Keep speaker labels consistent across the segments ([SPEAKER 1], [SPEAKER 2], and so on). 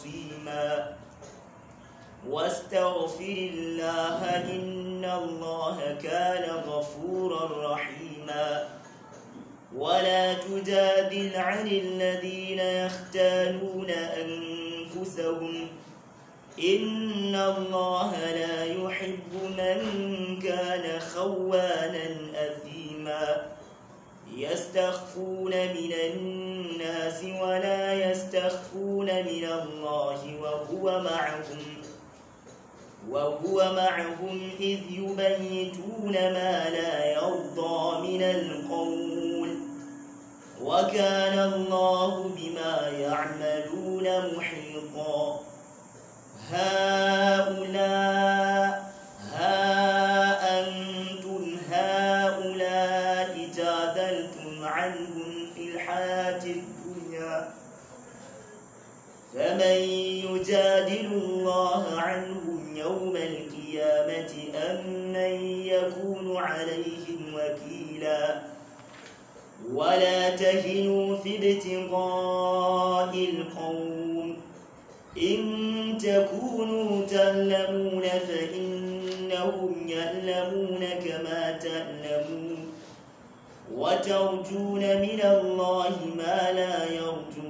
[SPEAKER 1] عصيما واستغفر الله إن الله كان غفورا رحيما ولا تجادل عن الذين يختالون أنفسهم إن الله لا يحب من كان خوانا أثيما يستخفون من الناس ولا يستخفون من الله وهو معهم وهو معهم إذ يبيتون ما لا يرضى من القول وكان الله بما يعملون محيطا هؤلاء فمن يجادل الله عنهم يوم القيامة أم من يكون عليهم وكيلا ولا تهنوا في ابتغاء القوم إن تكونوا تعلمون فإنهم يعلمون كما تعلمون وترجون من الله ما لا يرجون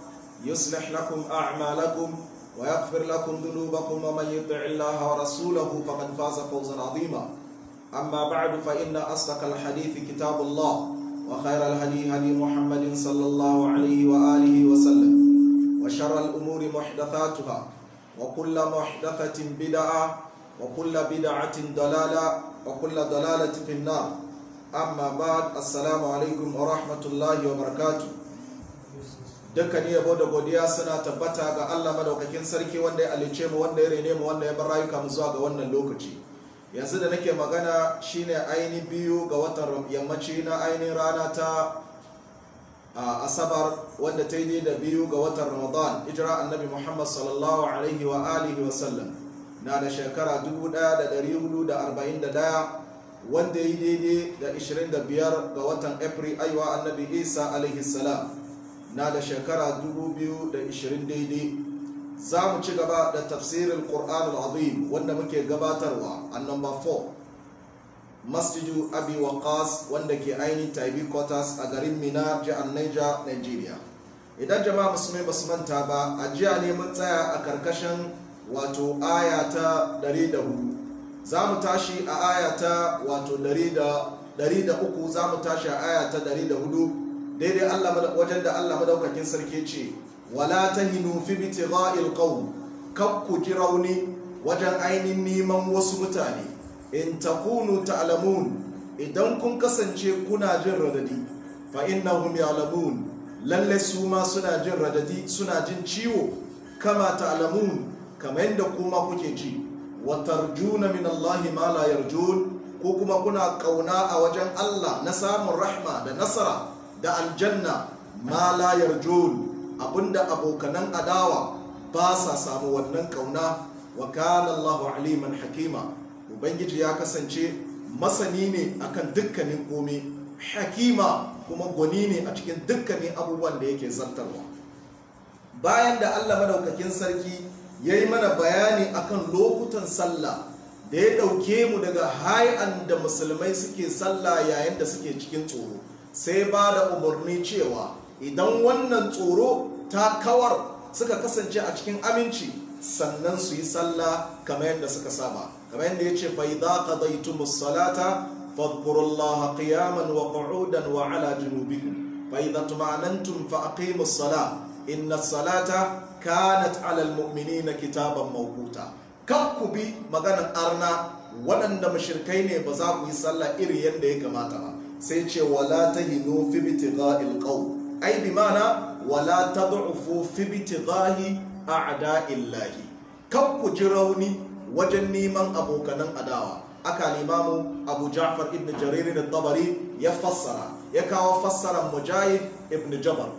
[SPEAKER 2] يصلح لكم أعمالكم ويغفر لكم ذنوبكم ومن يطع الله ورسوله فقد فاز فوزا عظيما أما بعد فإن أصدق الحديث كتاب الله وخير الهدي هدي محمد صلى الله عليه وآله وسلم وشر الأمور محدثاتها وكل محدثة بدعة وكل بدعة ضلالة وكل ضلالة في النار أما بعد السلام عليكم ورحمة الله وبركاته ni yabo da godiya suna tabbata ga Allah madaukakin sarki wanda ya alice mu wanda ya rene mu wanda ya bar rayuka mu zuwa ga wannan lokaci yanzu da nake magana shine aini biyu ga watan yammaci na aini rana ta asabar wanda ta yi da biyu ga watan ramadan hijira annabi muhammad sallallahu alaihi wa alihi wa sallam na da shekara 1441 wanda ya yi daidai da 25 ga watan april aiwa annabi isa alaihi salam na da shekara 2020 daidai za mu ci gaba da tafsirin ƙur'an al'adun wanda muke gabatarwa a number 4 masjidu abi waqas wanda ke ainihin taibi quarters a garin mina jihar niger nigeria idan jama'a musulmi ba su manta ba a jiya ne mun tsaya a karkashin wato aya ta 104 za mu tashi a aya ta wato 103 za mu tashi a aya ta 104 daidai Allah wajen da Allah madaukakin sarki ce wala tahinu fi bitigha'il qawm kab ku ji rauni wajen ainihin neman wasu mutane in takunu ta'lamun idan kun kasance kuna jin radadi fa innahum ya'lamun lalle su ma suna jin radadi suna jin ciwo kama ta'lamun kamar yadda kuma kuke ji wa tarjuna min Allah ma la yarjun ko kuma kuna kauna a wajen Allah na samun rahma da nasara da aljanna ma la yarjun abinda abokanan adawa ba sa samu wannan kauna wa kana Allahu aliman hakima ubangiji ya kasance masani ne akan dukkanin komai hakima kuma gwani ne a cikin dukkanin abubuwan da yake zartarwa bayan da Allah madaukakin sarki ya yi mana bayani akan lokutan sallah da ya ɗauke mu daga hai'an da musulmai suke sallah yayin da suke cikin tsoro sai ba da umarni cewa idan wannan tsoro ta kawar suka kasance a cikin aminci sannan su yi sallah kamar yadda suka saba kamar yadda ya ce faida qadaytumus salata fadhkurullaha qiyaman wa qu'udan wa ala junubikum faida tuma'anantum fa aqimus salah inna salata kanat ala almu'minina kitaban mawquta ku bi maganan arna waɗanda mashirkai ne ba za ku yi sallah iri yadda ya kamata ba sai ce wala ta fi bitigha'il qawm ai bi mana wala ta tad'ufu fi bitighahi a'da'illahi kan ku ji rauni wajen neman abokanan adawa aka limamu abu ja'far ibn jarir da tabari ya fassara ya kawo fassaran mujahid ibn jabar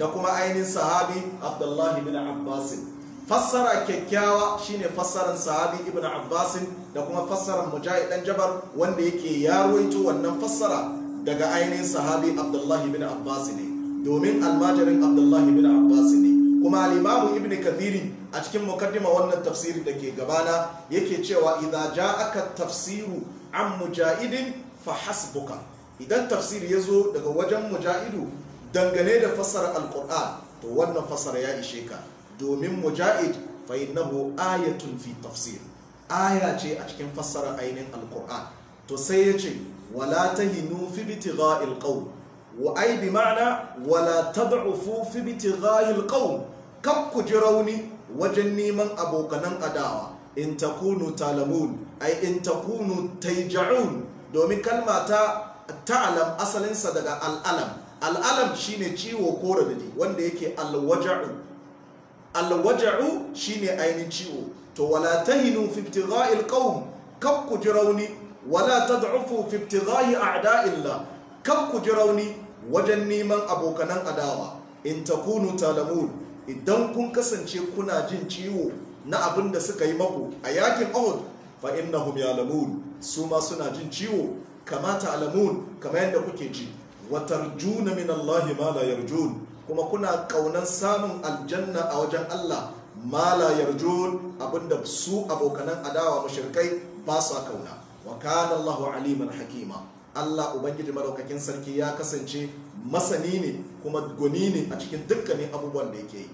[SPEAKER 2] da kuma ainihin sahabi abdullahi bin abbasin fassara kyakkyawa shine fassaran sahabi ibn abbasin da kuma fassaran mujahid dan jabar wanda yake ya ruwaito wannan fassara daga ainihin sahabi abdullahi ibn abbas ne domin almajirin abdullahi ibn abbas ne kuma alimamu ibn kathiri a cikin mukaddima wannan tafsiri da ke gabana yake cewa idza aka tafsiru an mujahidin fa hasbuka idan tafsiri ya zo daga wajen mujahidu dangane da fassara alquran to wannan fassara ya ishe ka domin mujahid fa innahu ayatun fi tafsir aya ce a cikin fassara ainihin alqur'an to sai ya ce wala tahinu fi bitigha'il qawm wa ai bi ma'ana wala tad'ufu fi bitigha'il qawm Kan ku ji rauni wajen neman abokanan adawa in takunu talamun ai in takunu taija'un domin kalma ta ta'alam asalinsa daga al'alam al'alam shine ciwo ko radadi wanda yake alwaja'u alwaja'u shine ainin ciwo to wala tahinu fi ibtigha'il qawm kab ku jirauni wala tad'ufu fi ibtigha'i a'da'illah kab ku jirauni wajen neman abokanan adawa in takunu talamun idan kun kasance kuna jin ciwo na abin da suka yi maku a yakin Uhud fa innahum ya'lamun su ma suna jin ciwo kama ta'lamun kama yadda kuke ji wa tarjuna min Allah ma la yarjun kuma kuna ƙaunan samun aljanna a wajen Allah Mala la yarjun abinda su abokanan adawa mushrikai ba sa kauna wa kana Allahu aliman hakima Allah ubangiji madaukakin sarki ya kasance masani ne kuma goni ne a cikin dukkanin abubuwan da yake yi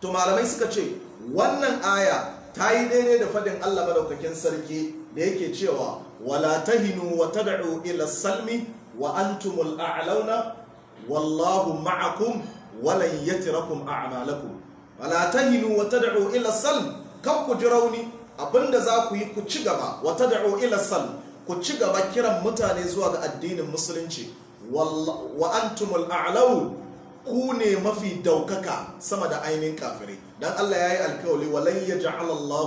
[SPEAKER 2] to malamai suka ce wannan aya ta yi daidai da fadin Allah madaukakin sarki da yake cewa wala tahinu wa tad'u ila salmi wa antumul a'launa wallahu ma'akum walan yatirakum a'malakum wala tahinu wa tad'u ila sal kan ku ji rauni abinda za ku yi ku ci gaba wa tad'u ila sal ku ci gaba kiran mutane zuwa ga addinin musulunci wa antumul a'lawu ku ne mafi daukaka sama da ainihin kafirai dan Allah ya yi alkawali walan yaj'al Allah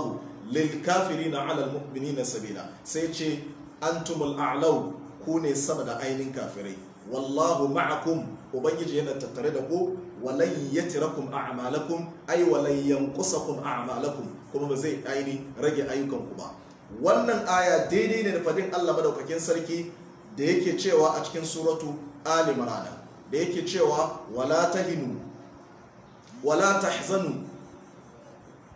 [SPEAKER 2] lil kafirina 'ala al mu'minina sabila sai ce antumul a'law ku ne sama da ainihin kafirai wallahu ma'akum ubangiji yana tattare da ku walan yatirakum a'malakum ay walan yanqusakum a'malakum kuma ba zai aini rage ayyukan ku ba wannan aya daidai ne da fadin Allah madaukakin sarki da yake cewa a cikin suratu ali imran da yake cewa wala tahinu wala tahzanu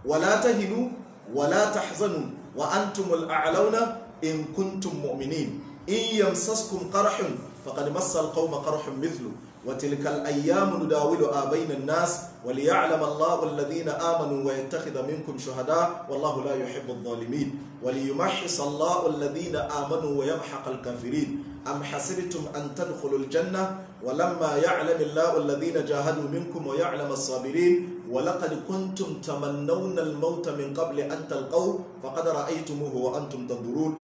[SPEAKER 2] wala tahinu wala tahzanu wa antumul a'launa in kuntum mu'minin in yamsaskum qarhun فقد مس القوم قرح مثله وتلك الأيام نداولها بين الناس وليعلم الله الذين آمنوا ويتخذ منكم شهداء والله لا يحب الظالمين وليمحص الله الذين آمنوا ويمحق الكافرين أم حسبتم أن تدخلوا الجنة ولما يعلم الله الذين جاهدوا منكم ويعلم الصابرين ولقد كنتم تمنون الموت من قبل أن تلقوه فقد رأيتموه وأنتم تنظرون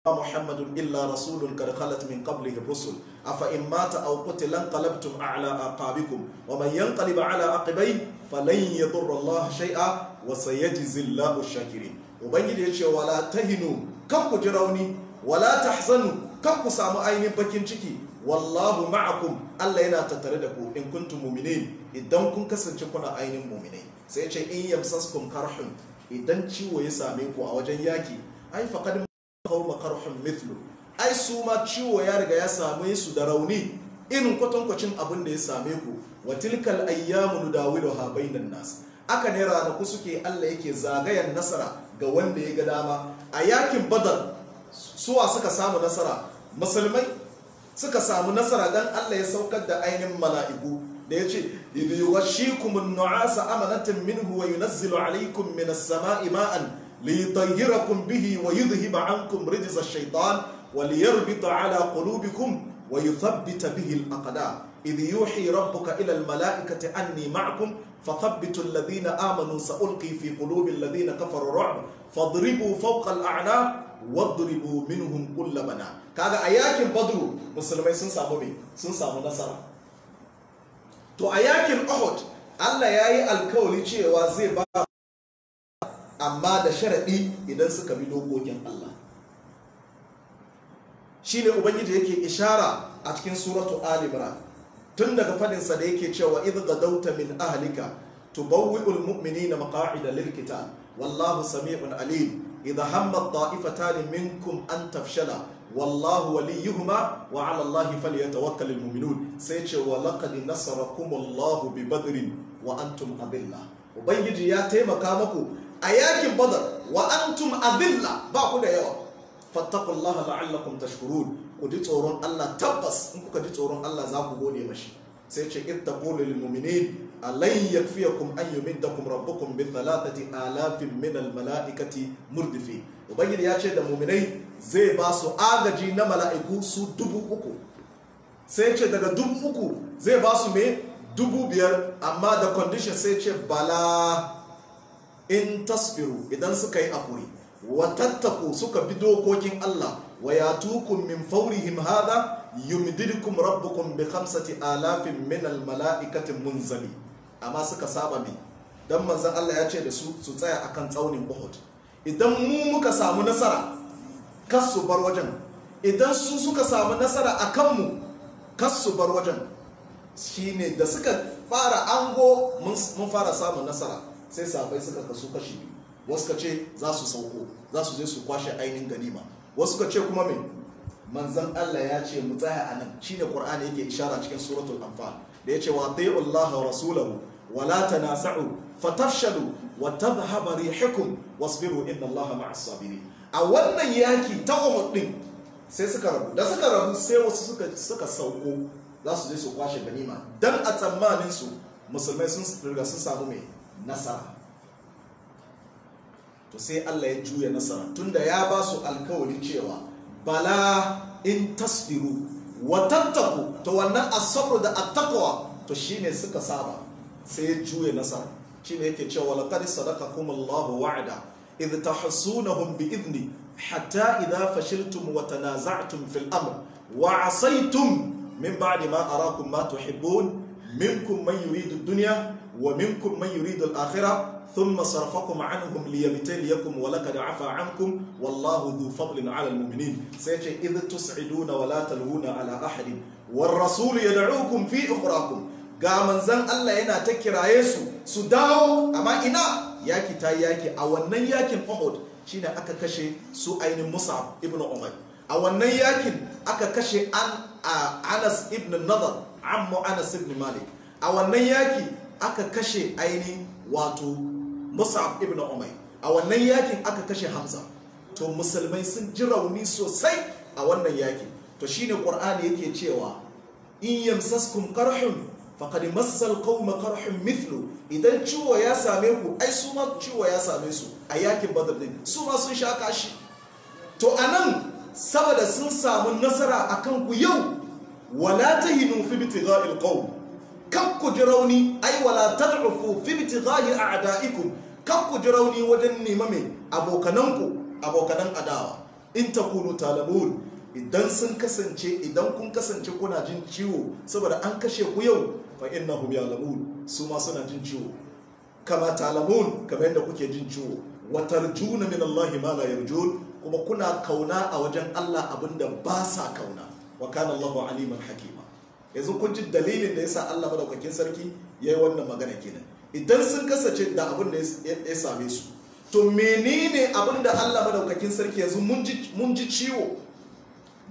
[SPEAKER 2] ما محمد إلا رسول قد خلت من قبله الرسل أفإن مات أو قتل انقلبتم على أعقابكم ومن ينقلب على عقبيه فلن يضر الله شيئا وسيجزي الله الشاكرين وبنجي يشي ولا تهنوا كم جراوني ولا تحزنوا كم سامو أين بكين شكي والله معكم الله ينا تتردكم إن كنتم مؤمنين إذن كن كسن شكونا أين مؤمنين سيشي إن يمسسكم كرح إذن شو يساميكم أوجن ياكي أي فقد kauma karhun mithlu ai su ma ciwo ya riga ya same su da rauni irin kwatankwacin abin da ya same ku wa tilkal ayyamu ha bainan nas aka ne ranaku suke Allah yake zagayen nasara ga wanda ya ga dama a yakin badar suwa suka samu nasara musulmai suka samu nasara dan Allah ya saukar da ainihin mala'iku da ya ce idh yughashshikum an-nu'asa amanatan minhu wa yunazzilu alaykum minas sama'i ma'an ليطيركم به ويذهب عنكم رجز الشيطان وليربط على قلوبكم ويثبت به الأقدام إذ يوحي ربك إلى الملائكة أني معكم فثبتوا الذين آمنوا سألقي في قلوب الذين كفروا رعب فاضربوا فوق الأعناق واضربوا منهم كل منام كذا a yakin مسلمين musulmai sun samu me sun samu nasara to a yakin uhud Allah ya yi alkawari amma da sharaɗi idan suka bi dokokin Allah shi ne ubangiji yake ishara a cikin suratu alibra tun daga fadinsa da yake cewa idan gadauta dauta min ahlika tubawwi'ul mu'minina maqa'ida lil qital wallahu sami'un alim idan hamma ta'ifatan minkum an tafshala wallahu waliyuhuma wa 'ala allahi falyatawakkalul mu'minun sai ce wa laqad nasarakumullahu bi badrin wa antum adilla ubangiji ya taimaka maku a yakin badar wa antum adilla ba ku da yawa fattaqullaha la'allakum tashkurun ku ji tsoron Allah tabbas in kuka ji tsoron Allah za ku gode mashi sai ce ittaqulu lil ya fiye kun an yi min da rabu kun bi thalathati alafin min al malaikati murdifi ubangiji ya ce da mu'minai zai ba su agaji na mala'iku su dubu uku sai ce daga dubu uku zai ba su me dubu biyar amma da condition sai ce bala in tasbiru idan suka yi akuri wa tattaku suka bi dokokin Allah wa tukun min fawrihim mu yumdidkum rabbukum bi khamsati alafin minal al mala'ikati munzali amma suka saba bi dan manzon Allah ya ce da su su tsaya akan tsaunin Uhud idan mu muka samu nasara kasu su bar wajen idan su suka samu nasara a kanmu kasu su bar wajen shine da suka fara ango mun fara samun nasara sai sahabbai suka kasu kashi biyu wasu ka ce za su sauko za su je su kwashe ainihin ganima wasu ka ce kuma me manzan Allah ya ce mu tsaya a nan shine Qur'ani yake ishara cikin suratul anfal da yace wa Allah wa rasulahu wa la tanasa'u fatafshalu wa tadhhaba rihukum wasbiru inna Allah ma'as sabirin a wannan yaki ta Uhud din sai suka rabu da suka rabu sai wasu suka sauko za su je su kwashe ganima dan a tsammanin su musulmai sun riga sun samu mai nasara to sai Allah ya juya nasara tunda ya ba su alkawari cewa bala in tasbiru wa to wannan asabru da attaqwa to shine suka saba sai ya juya nasara shine yake cewa laqad sadaqakum Allahu wa'ada idh tahsunahum bi idni hatta idha fashiltum wa tanaza'tum fil amr wa asaytum min ba'di ma arakum ma tuhibbun minkum man yuridu ad-dunya wa minkum man yuridu al-akhirah thumma sarfakum anhum liyabtaliyakum wa laqad afa ankum wallahu dhu fadlin 'ala al-mu'minin sai ce idh tus'iduna wa la talhuna 'ala ahadin war rasul yad'ukum fi ukhrakum ga manzan Allah yana ta kiraye su su dawo amma ina yaki ta yaki a wannan yakin Uhud shine aka kashe su ainin musa ibn Umar a wannan yakin aka kashe an Anas ibn Nadar amma Anas ibn Malik a wannan yaki aka kashe ainihin wato musab ibn umay a wannan yakin aka kashe hamza to musulmai sun ji rauni sosai a wannan yaki to shine qur'ani yake cewa in yamsaskum qarhun faqad massal qauma qarhun mithlu idan ciwo ya same ku ai su ma ciwo ya same su a yakin badar din su ma sun sha kashi to anan saboda sun samu nasara akan ku yau wala tahinu fi bitiga'il qaum kan ku ji rauni ai wala tad'ufu fi ibtighahi a'da'ikum kan ji rauni wajen nema mai abokananku abokanan adawa in takunu talamun idan sun kasance idan kun kasance kuna jin ciwo saboda an kashe ku yau fa innahum ya'lamun su ma suna jin ciwo kama talamun kamar yadda kuke jin ciwo wa tarjuna min Allah ma la yarjun kuma kuna kauna a wajen Allah abinda ba sa kauna wa kana Allahu aliman hakima yanzu kun ji dalilin da yasa Allah madaukakin sarki ya yi wannan magana kenan idan sun kasance da abin da ya same su to menene abin da Allah madaukakin sarki yanzu mun ji ciwo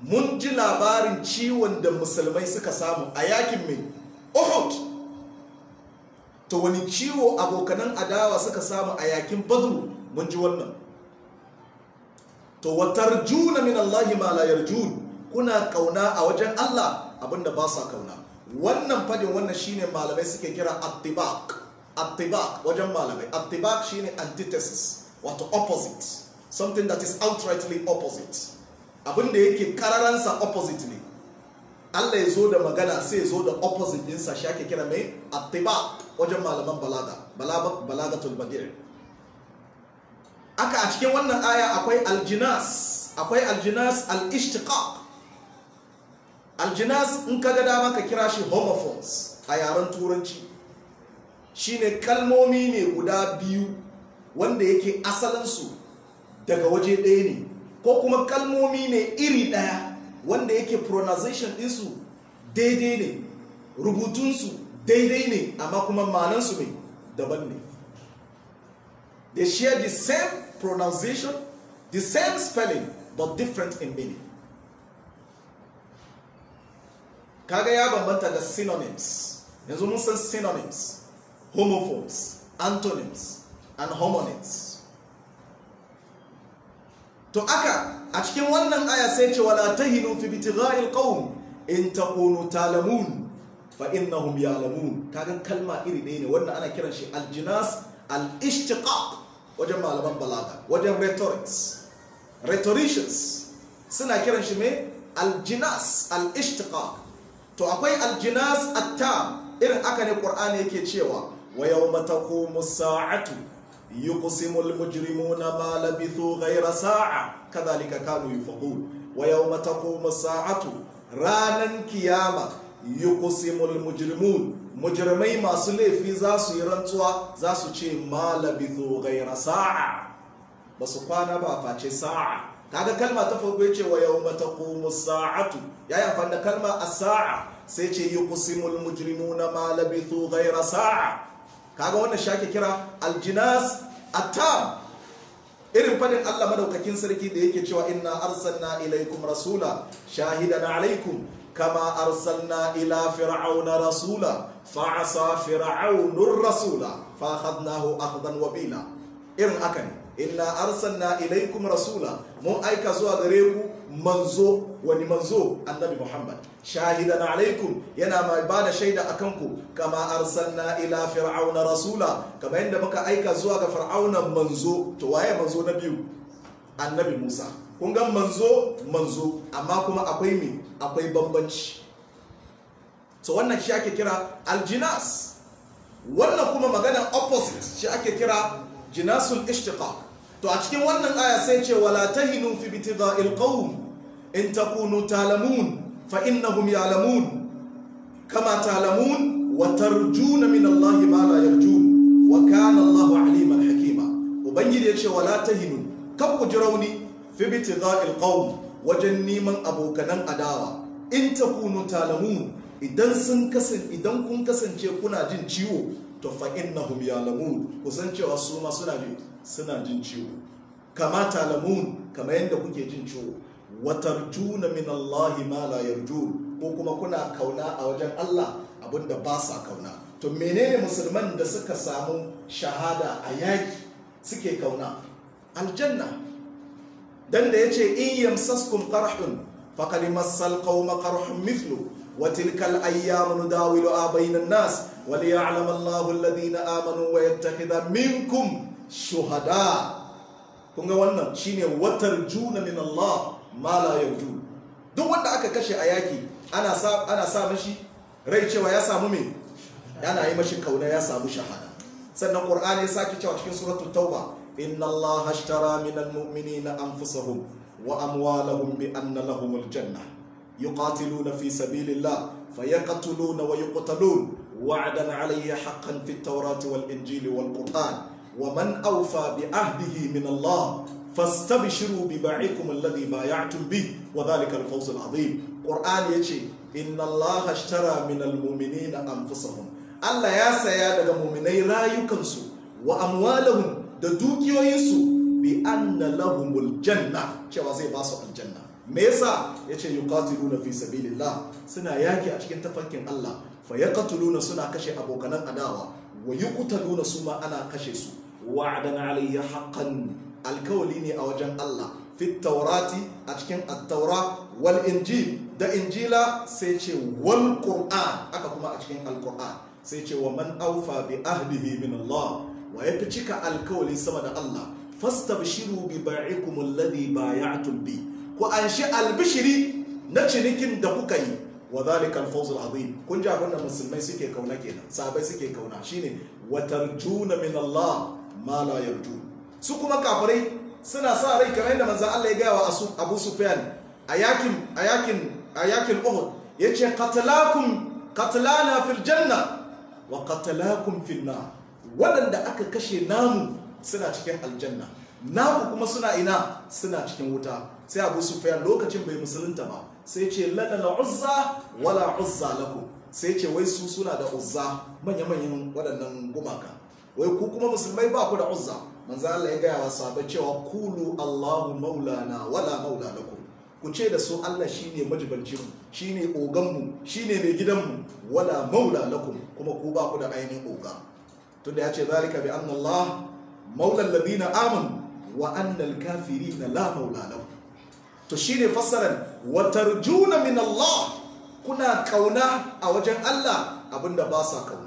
[SPEAKER 2] mun ji labarin ciwon da musulmai suka samu a yakin mai Uhud to wani ciwo abokanan adawa suka samu a yakin Badru mun ji wannan to watarjuna min Allah ma la yarjun kuna kauna a wajen Allah abinda ba sa kauna wannan fadin wannan shine malamai suke kira attibaq attibaq wajen malamai attibaq shine antithesis wato opposite something that is outrightly opposite abinda yake kararansa opposite ne Allah ya zo da magana sai ya zo da opposite dinsa shi ake kira mai attibaq wajen malaman balaga balagatul badir aka a cikin wannan aya akwai aljinas akwai aljinas al-ishtiqaq aljinas in ka ga dama ka kira shi homophones a yaren turanci shine kalmomi ne guda biyu wanda yake asalinsu daga waje ɗaya ne ko kuma kalmomi ne iri ɗaya wanda yake pronunciation ɗinsu daidai ne rubutunsu daidai ne amma kuma manansu mai daban ne they share the same pronunciation the same spelling but different in meaning kaga ya bambanta da synonyms yanzu mun san synonyms homophones antonyms and homonyms to aka a cikin wannan aya sai ce wala tahinu fi bitigha'il qawm in takunu talamun fa innahum ya'lamun kaga kalma iri ɗaya ne wannan ana kiran shi aljinas al-ishtiqaq wajen malaman balaga wajen rhetorics rhetoricians suna kiran shi me aljinas al-ishtiqaq to akwai aljinas atta irin aka ne ƙur'ani yake cewa wa musa'atu yi sa'atu mujirimu na malabi labithu gaira sa'a kadhalika kanu yufaqun wa yawma taqumu sa'atu ranan kiyama kusimul mujirimu, mujrimai masu laifi za su yi rantsuwa za su ce malabi labithu gaira sa'a su kwana ba face sa'a kaga kalma ta farko yace wa yawma taqumu sa'atu yayi amfani da kalma a saa sai ce mujirimu mujrimuna ma labithu ghayra sa'a kaga wannan shake kira aljinas atam irin fadin Allah madaukakin sarki da yake cewa inna arsalna ilaikum rasula shahidan alaikum kama arsalna ila fir'auna rasula fa asa rasula fa akhadnahu akhdan wabila irin haka ne inna arsalna ilaikum rasula mun aika zuwa gare ku manzo wani manzo annabi muhammad shahidan alaikum yana mai ba da shaida a kanku kama arsalna ila fir'auna rasula kama yadda muka aika zuwa ga fir'auna manzo to waye manzo na biyu annabi musa kun ga manzo manzo amma kuma akwai me akwai bambanci to wannan shi ake kira aljinas wannan kuma maganar opposite shi ake kira jinasul ishtiqaq to a cikin wannan aya sai ce wala tahinu fi bitida'il qawm in takunu talamun fa innahum ya'lamun kama talamun wa tarjuna min Allah ma la yarjun wa kana Allah aliman hakima ubangiji ya ce wala tahinu kan ku jirauni fi bitida'il qawm wajen neman abokanan adawa in takunu talamun idan sun kasance idan kun kasance kuna jin ciwo to fa innahum ya'lamun kusan cewa su ma suna jin suna jin ciwo kama talamun kama yadda kuke jin ciwo watarjuna min Allah ma la yarjun ko kuma kuna kauna a wajen Allah abinda ba sa kauna to menene musulman da suka samu shahada a yaki suke kauna aljanna dan da yace in yamsaskum qarhun faqad massal qauma qarhun mithlu a bainan nas بين الناس وليعلم الله الذين آمنوا ويتخذ منكم shuhada kun ga wannan shine watar juna min Allah ma la duk wanda aka kashe a yaki ana sa ana sa mashi rai cewa ya samu me yana yi mashi kauna ya samu shahada sannan qur'ani ya saki cewa cikin suratu tauba inna Allah ashtara min almu'minina anfusahum wa amwalahum bi anna lahumul janna yuqatiluna fi sabilillah fayaqtuluna wa yuqtalun وعدا علي taurati wal injili wal والقرآن wa man awfa bi ahdihi min Allah fastabshiru bi ba'ikum alladhi bay'atum bi wa dhalika al-fawz al-'azim qur'an yace inna Allah ashtara min al-mu'minina anfusahum Allah ya saya daga mu'minai rayukansu wa amwalahum da dukiyoyinsu bi anna lahumul janna cewa zai basu aljanna me yasa yace yuqatiluna fi sabilillah suna yaki a cikin tafarkin Allah fa yaqtuluna suna kashe abokanan adawa wa yuqtaluna suma ana kashe su wa'adan alayya haqqan alkawali ne a wajen Allah fit taurati a cikin attaura wal inji da injila sai ce wal qur'an aka kuma a cikin Alkur'an. sai cewa wa man aufa bi ahdihi min Allah wa yafi cika alkawali sama da Allah fastabshiru bi ba'ikum alladhi bay'atum bi ku anshi albishiri na cinikin da kuka yi wa dhalika al azim kun ji abin da musulmai suke kauna kenan sabai suke kauna shine wa tarjuna min Allah ma ya rutu su kuma kafirai suna sa rai kamar yadda manzon Allah ya gaya wa Abu Sufyan a yakin a Uhud yace qatalakum qatlana fil janna wa qatalakum fil nar waɗanda aka kashe namu suna cikin aljanna namu kuma suna ina suna cikin wuta sai abu sufyan lokacin bai musulunta ba sai ce lana la uzza wala uzza lakum sai ce wai su suna da uzza manya-manyan waɗannan gumaka wai ku kuma musulmai ba ku da uzza manzo Allah ya gaya wa sahabbai cewa kulu Allahu maulana wala maula lakum ku ce da su Allah shine majibancin shine oganmu shine mai gidanmu wala maula lakum kuma ku ba ku da ainihin oga tunda ya ce zalika bi anna Allah maula alladhina aman, wa anna al-kafirina la maula lahum to shine fassarar wa tarjuna min Allah kuna kauna a wajen Allah abinda ba sa kauna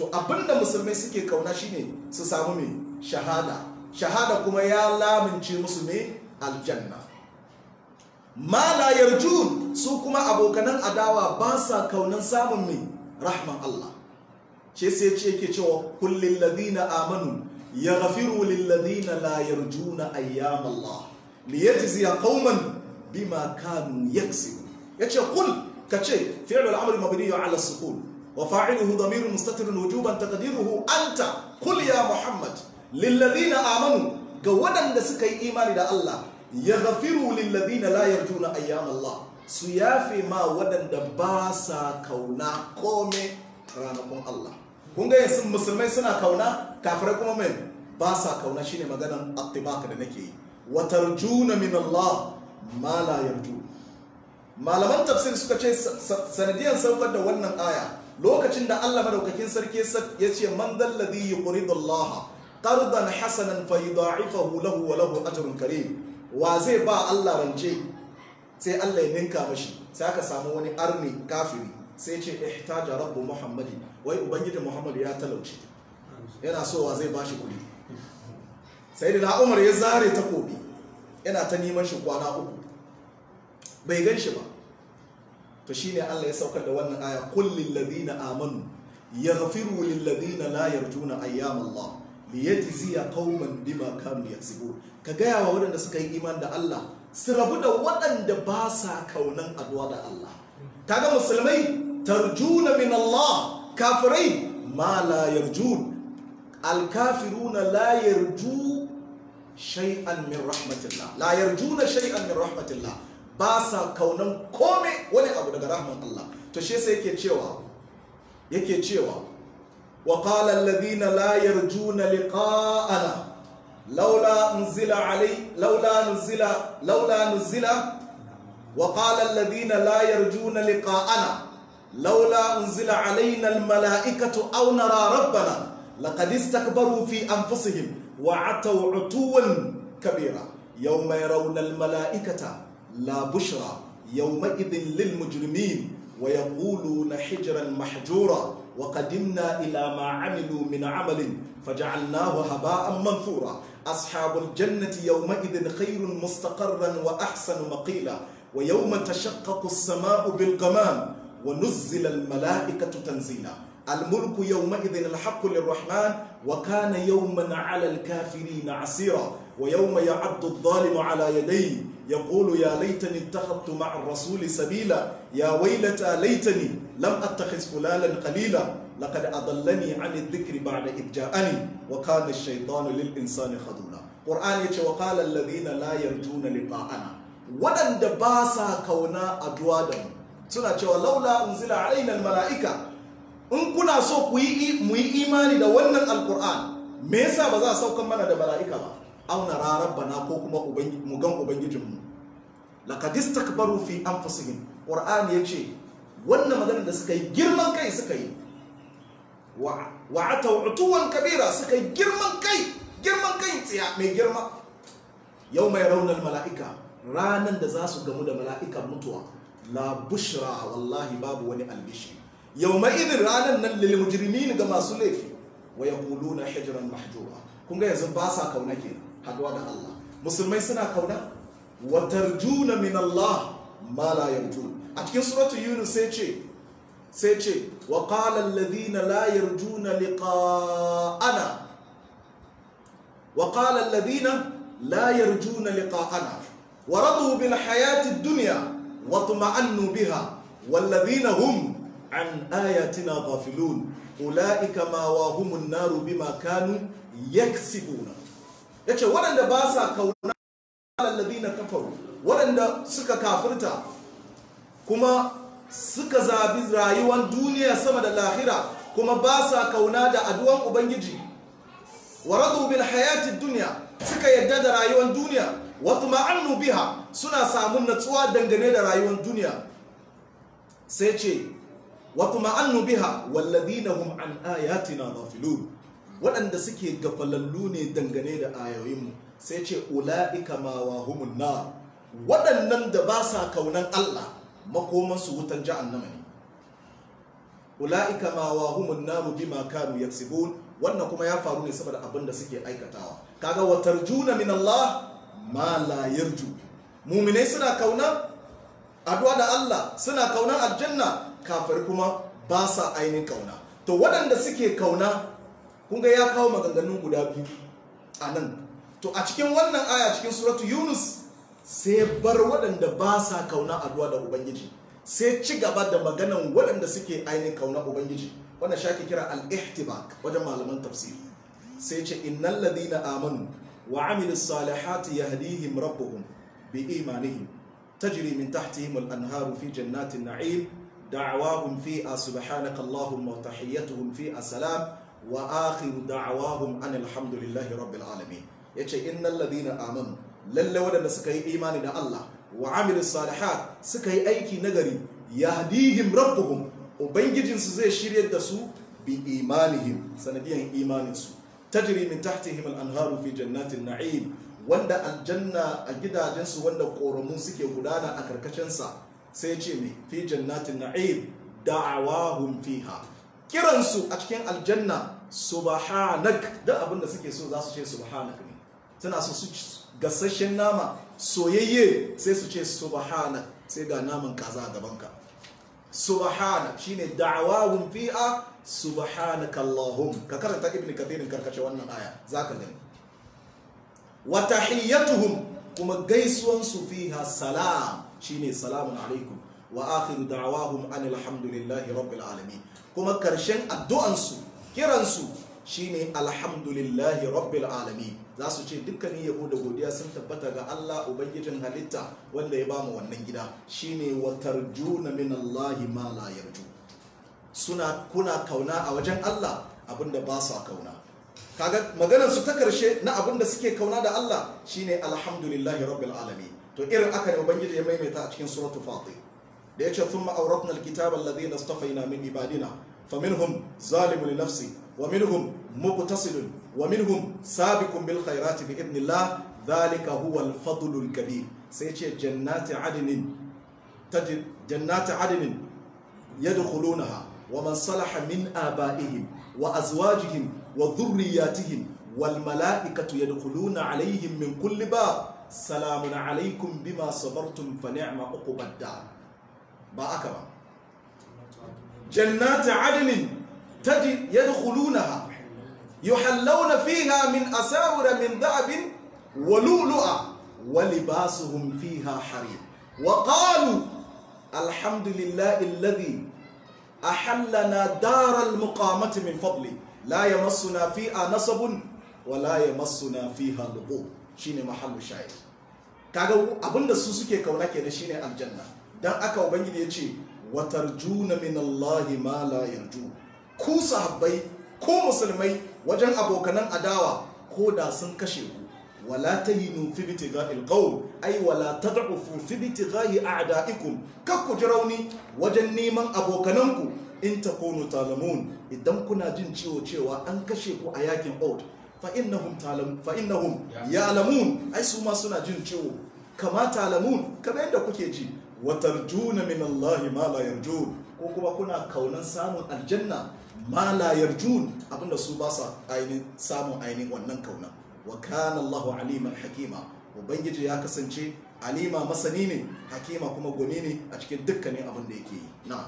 [SPEAKER 2] to abinda musulmai suke kauna shine su samu mai shahada shahada kuma ya lamince musu ne aljanna ma la yarjun su kuma abokanan adawa ba sa kaunan samun mai rahman Allah ce sai ce yake cewa kullil ladina amanu yaghfiru lil ladina la yarjuna ayyam Allah liyajzi qauman bima kanu yaksibun yace kul kace fi'lul amri mabniy ala sukun وفاعله ضمير مستتر وجوبا تقديره انت قل يا محمد للذين امنوا gawadan da suka yi imani da Allah ya gafiru lillabina la yarjuna ayyam Allah su yafe ma waɗanda ba sa kauna kome ranakun Allah kun ga musulmai suna kauna kafirai kuma mai ba sa kauna shine maganan attibaka da nake yi wa tarjuna min Allah ma la yarju malaman tafsir suka ce sanadiyar saukar da wannan aya lokacin da Allah madaukakin sarki ya ce man dalladhi yuridu Allah qardan hasanan fayudha'ifahu lahu wa lahu ajrun karim wa zai ba Allah rance sai Allah ya ninka mashi sai aka samu wani arni kafiri sai ce ihtaja rabbu muhammadi wai ubangiji muhammadi ya talauci yana so wa zai bashi kuɗi sai da umar ya zare takobi yana ta neman shi kwana uku bai gan shi ba to shine Allah ya saukar da wannan aya kullil ladina amanu yaghfiru lil ladina la yarjuna ayyam Allah liyajziya qauman bima kanu yaksibun ka gaya wa waɗanda suka yi iman da Allah su rabu da waɗanda ba sa kaunan addu'a da Allah kaga musulmai tarjuna min Allah kafirai ma la yarjun alkafiruna la yarju shay'an min rahmatillah la yarjuna shay'an min rahmatillah ba sa kaunan kome wani abu daga rahman Allah to shi sai yake cewa yake cewa wa qala alladhina la yarjuna liqa'ana laula nuzila alai laula nuzila laula nuzila wa qala alladhina la yarjuna liqa'ana laula unzila alaina almala'ikatu aw nara rabbana laqad istakbaru fi anfusihim wa ataw utuwan kabira yawma yarawna almala'ikata لا بشرى يومئذ للمجرمين ويقولون حجرا محجورا وقدمنا إلى ما عملوا من عمل فجعلناه هباء منثورا أصحاب الجنة يومئذ خير مستقرا وأحسن مقيلا ويوم تشقق السماء بالغمام ونزل الملائكة تنزيلا الملك يومئذ الحق للرحمن وكان يوما على الكافرين عسيرا ويوم يعض الظالم على يديه يقول يا ليتني اتخذت مع الرسول سبيلا يا ويلتى ليتني لم اتخذ فلانا قليلا لقد اضلني عن الذكر بعد اذ جاءني وكان الشيطان للانسان خذولا قران يتي وقال الذين لا يرجون لقاءنا ودن باسا كونا ادوادم سنة لولا انزل علينا الملائكه in kuna so ku yi mu yi imani da wannan alkur'an me yasa ba za a saukan mana da mala'ika ba auna bana ko kuma mu gan ubangijinmu laqad istakbaru fi anfusihim qur'an yace wannan maganin da suka yi girman kai suka yi wa atau utuwan kabira suka yi girman kai girman kai tsiya mai girma yau mai raunar mala'ika ranan da za su gamu da mala'ikan mutuwa la bushra wallahi babu wani albishi yau mai idin ranar nan lil mujrimin ga masu laifi wa na hijran mahjura kun ga yanzu ba sa kauna kenan haduwa da Allah musulmai suna kauna wa tarjuna min Allah ma la yarjun a cikin suratu yunus sai ce sai ce wa qala alladhina la yarjuna liqa'ana wa qala alladhina la yarjuna liqa'ana wa radu bil hayati ad-dunya wa tuma'annu biha والذين هم عن آياتنا غافلون أولئك ما واهم النار بما كانوا يكسبون ya ce waɗanda ba sa kauna lallabi na kafar waɗanda suka kafurta kuma suka zabi rayuwar duniya sama da lahira kuma ba sa kauna da aduwan ubangiji wa radu bil hayatid duniya suka yadda da rayuwar duniya wa tuma'annu biha suna samun natsuwa dangane da rayuwar duniya sai ce wa tuma'annu biha walladina hum an ayatina ghafilun waɗanda suke gafalallu ne dangane da ayoyinmu sai ce ula'ika ma wa humun waɗannan da ba sa kaunan Allah makomansu wutan jahannama ne ula'ika ma wa mu bi ma kanu yaksibun wannan kuma ya faru ne saboda abin da suke aikatawa kaga wa juna min Allah ma la yarju mu'minai suna kauna addu'a da Allah suna kaunan aljanna kafir kuma ba sa ainihin kauna to waɗanda suke kauna kun ga ya kawo maganganun guda biyu a nan to a cikin wannan aya cikin suratu yunus sai bar waɗanda ba sa kauna addu'a da ubangiji sai ci gaba da maganan waɗanda suke ainihin kauna ubangiji wannan shake kira al-ihtibak wajen malaman tafsiri sai ce innal ladina amanu wa amilu salihati yahdihim rabbuhum bi imanihim tajri min tahtihim al-anharu fi jannatin na'im da'awahum fiha subhanaka allahumma wa tahiyyatuhum fiha salam wa akhiru da'awahum an alhamdulillahi rabbil alamin yace innal ladina amanu lalle wadanda suka yi imani da Allah wa amilus salihat suka yi aiki nagari yahdihim rabbuhum ubangijinsu zai shirya da su bi imanihim sanadiyan imaninsu tajri min tahtihim al-anharu fi jannatin na'im wanda aljanna a gidajensu wanda koramu suke gudana a karkashinsa sai ce mai fi jannatin na'im da'awahum fiha kiransu a cikin aljanna subhanak da abinda da suke so za su ce subhanak ne suna so su gasasshen nama soyayye sai su ce subhanak sai ga naman kaza a gabanka subhanak shine da'awahum fi'a subhanakallahum ka karanta ibn kathirin karkace wannan aya zaka gani wa tahiyyatuhum kuma gaisuwan su fiha salam shine salamun alaikum wa akhiru da'awahum anil hamdulillahi rabbil alamin kuma karshen addu'ansu kiransu shi ne alhamdulillahi rabbil alami za su ce dukkanin yabo da godiya sun tabbata ga Allah ubangijin halitta wanda ya bamu wannan gida ne watar juna min Allahi ma la yarju suna kuna kauna a wajen Allah abinda ba su kauna kaga maganar ta karshe na abinda suke kauna da Allah shi ne alhamdulillahi rabbil alami to irin aka ne ubangiji ya maimaita a cikin suratul fatih ديتشا ثم أورطنا الكتاب الذين اصطفينا من عبادنا فمنهم ظالم لنفسه ومنهم مقتصد ومنهم سابق بالخيرات بإذن الله ذلك هو الفضل الكبير سيتشا جنات عدن تجد جنات عدن يدخلونها ومن صلح من آبائهم وأزواجهم وذرياتهم والملائكة يدخلون عليهم من كل باب سلام عليكم بما صبرتم فنعم عقب الدار ba aka ba jannata adnin taji yadkhulunaha fi fiha min asawira min dhahabin wa lu'lu'a wa libasuhum fiha harir wa qalu alhamdulillahi alladhi ahallana daral muqamati min fadli la yamassuna fiha nasabun wa la yamassuna fiha lughub shine mahallu shayr kaga abinda su suke kauna kenan shine aljanna dan aka ubangiji ya ce juna min Allahi ma la yarju ku sahabbai ko musulmai wajen abokanan adawa ko da sun kashe ku wala tahinu fi bitigha'il qawm ay wala tad'ufu fi bitigha'i a'da'ikum kak ku rauni wajen neman abokananku in talamun idan kuna jin ciwo cewa an kashe ku a yakin out fa innahum ya fa ai su ma suna jin ciwo kama talamun kamar yadda kuke ji watarjuna min Allah ma la yarjun ko kuma kuna kaunan samun aljanna ma la yarjun abinda su ba sa ainin samun ainihin wannan kauna wa kana Allah aliman hakima ubangiji ya kasance alima masani ne hakima kuma gwani ne a cikin dukkanin abin da yake yi na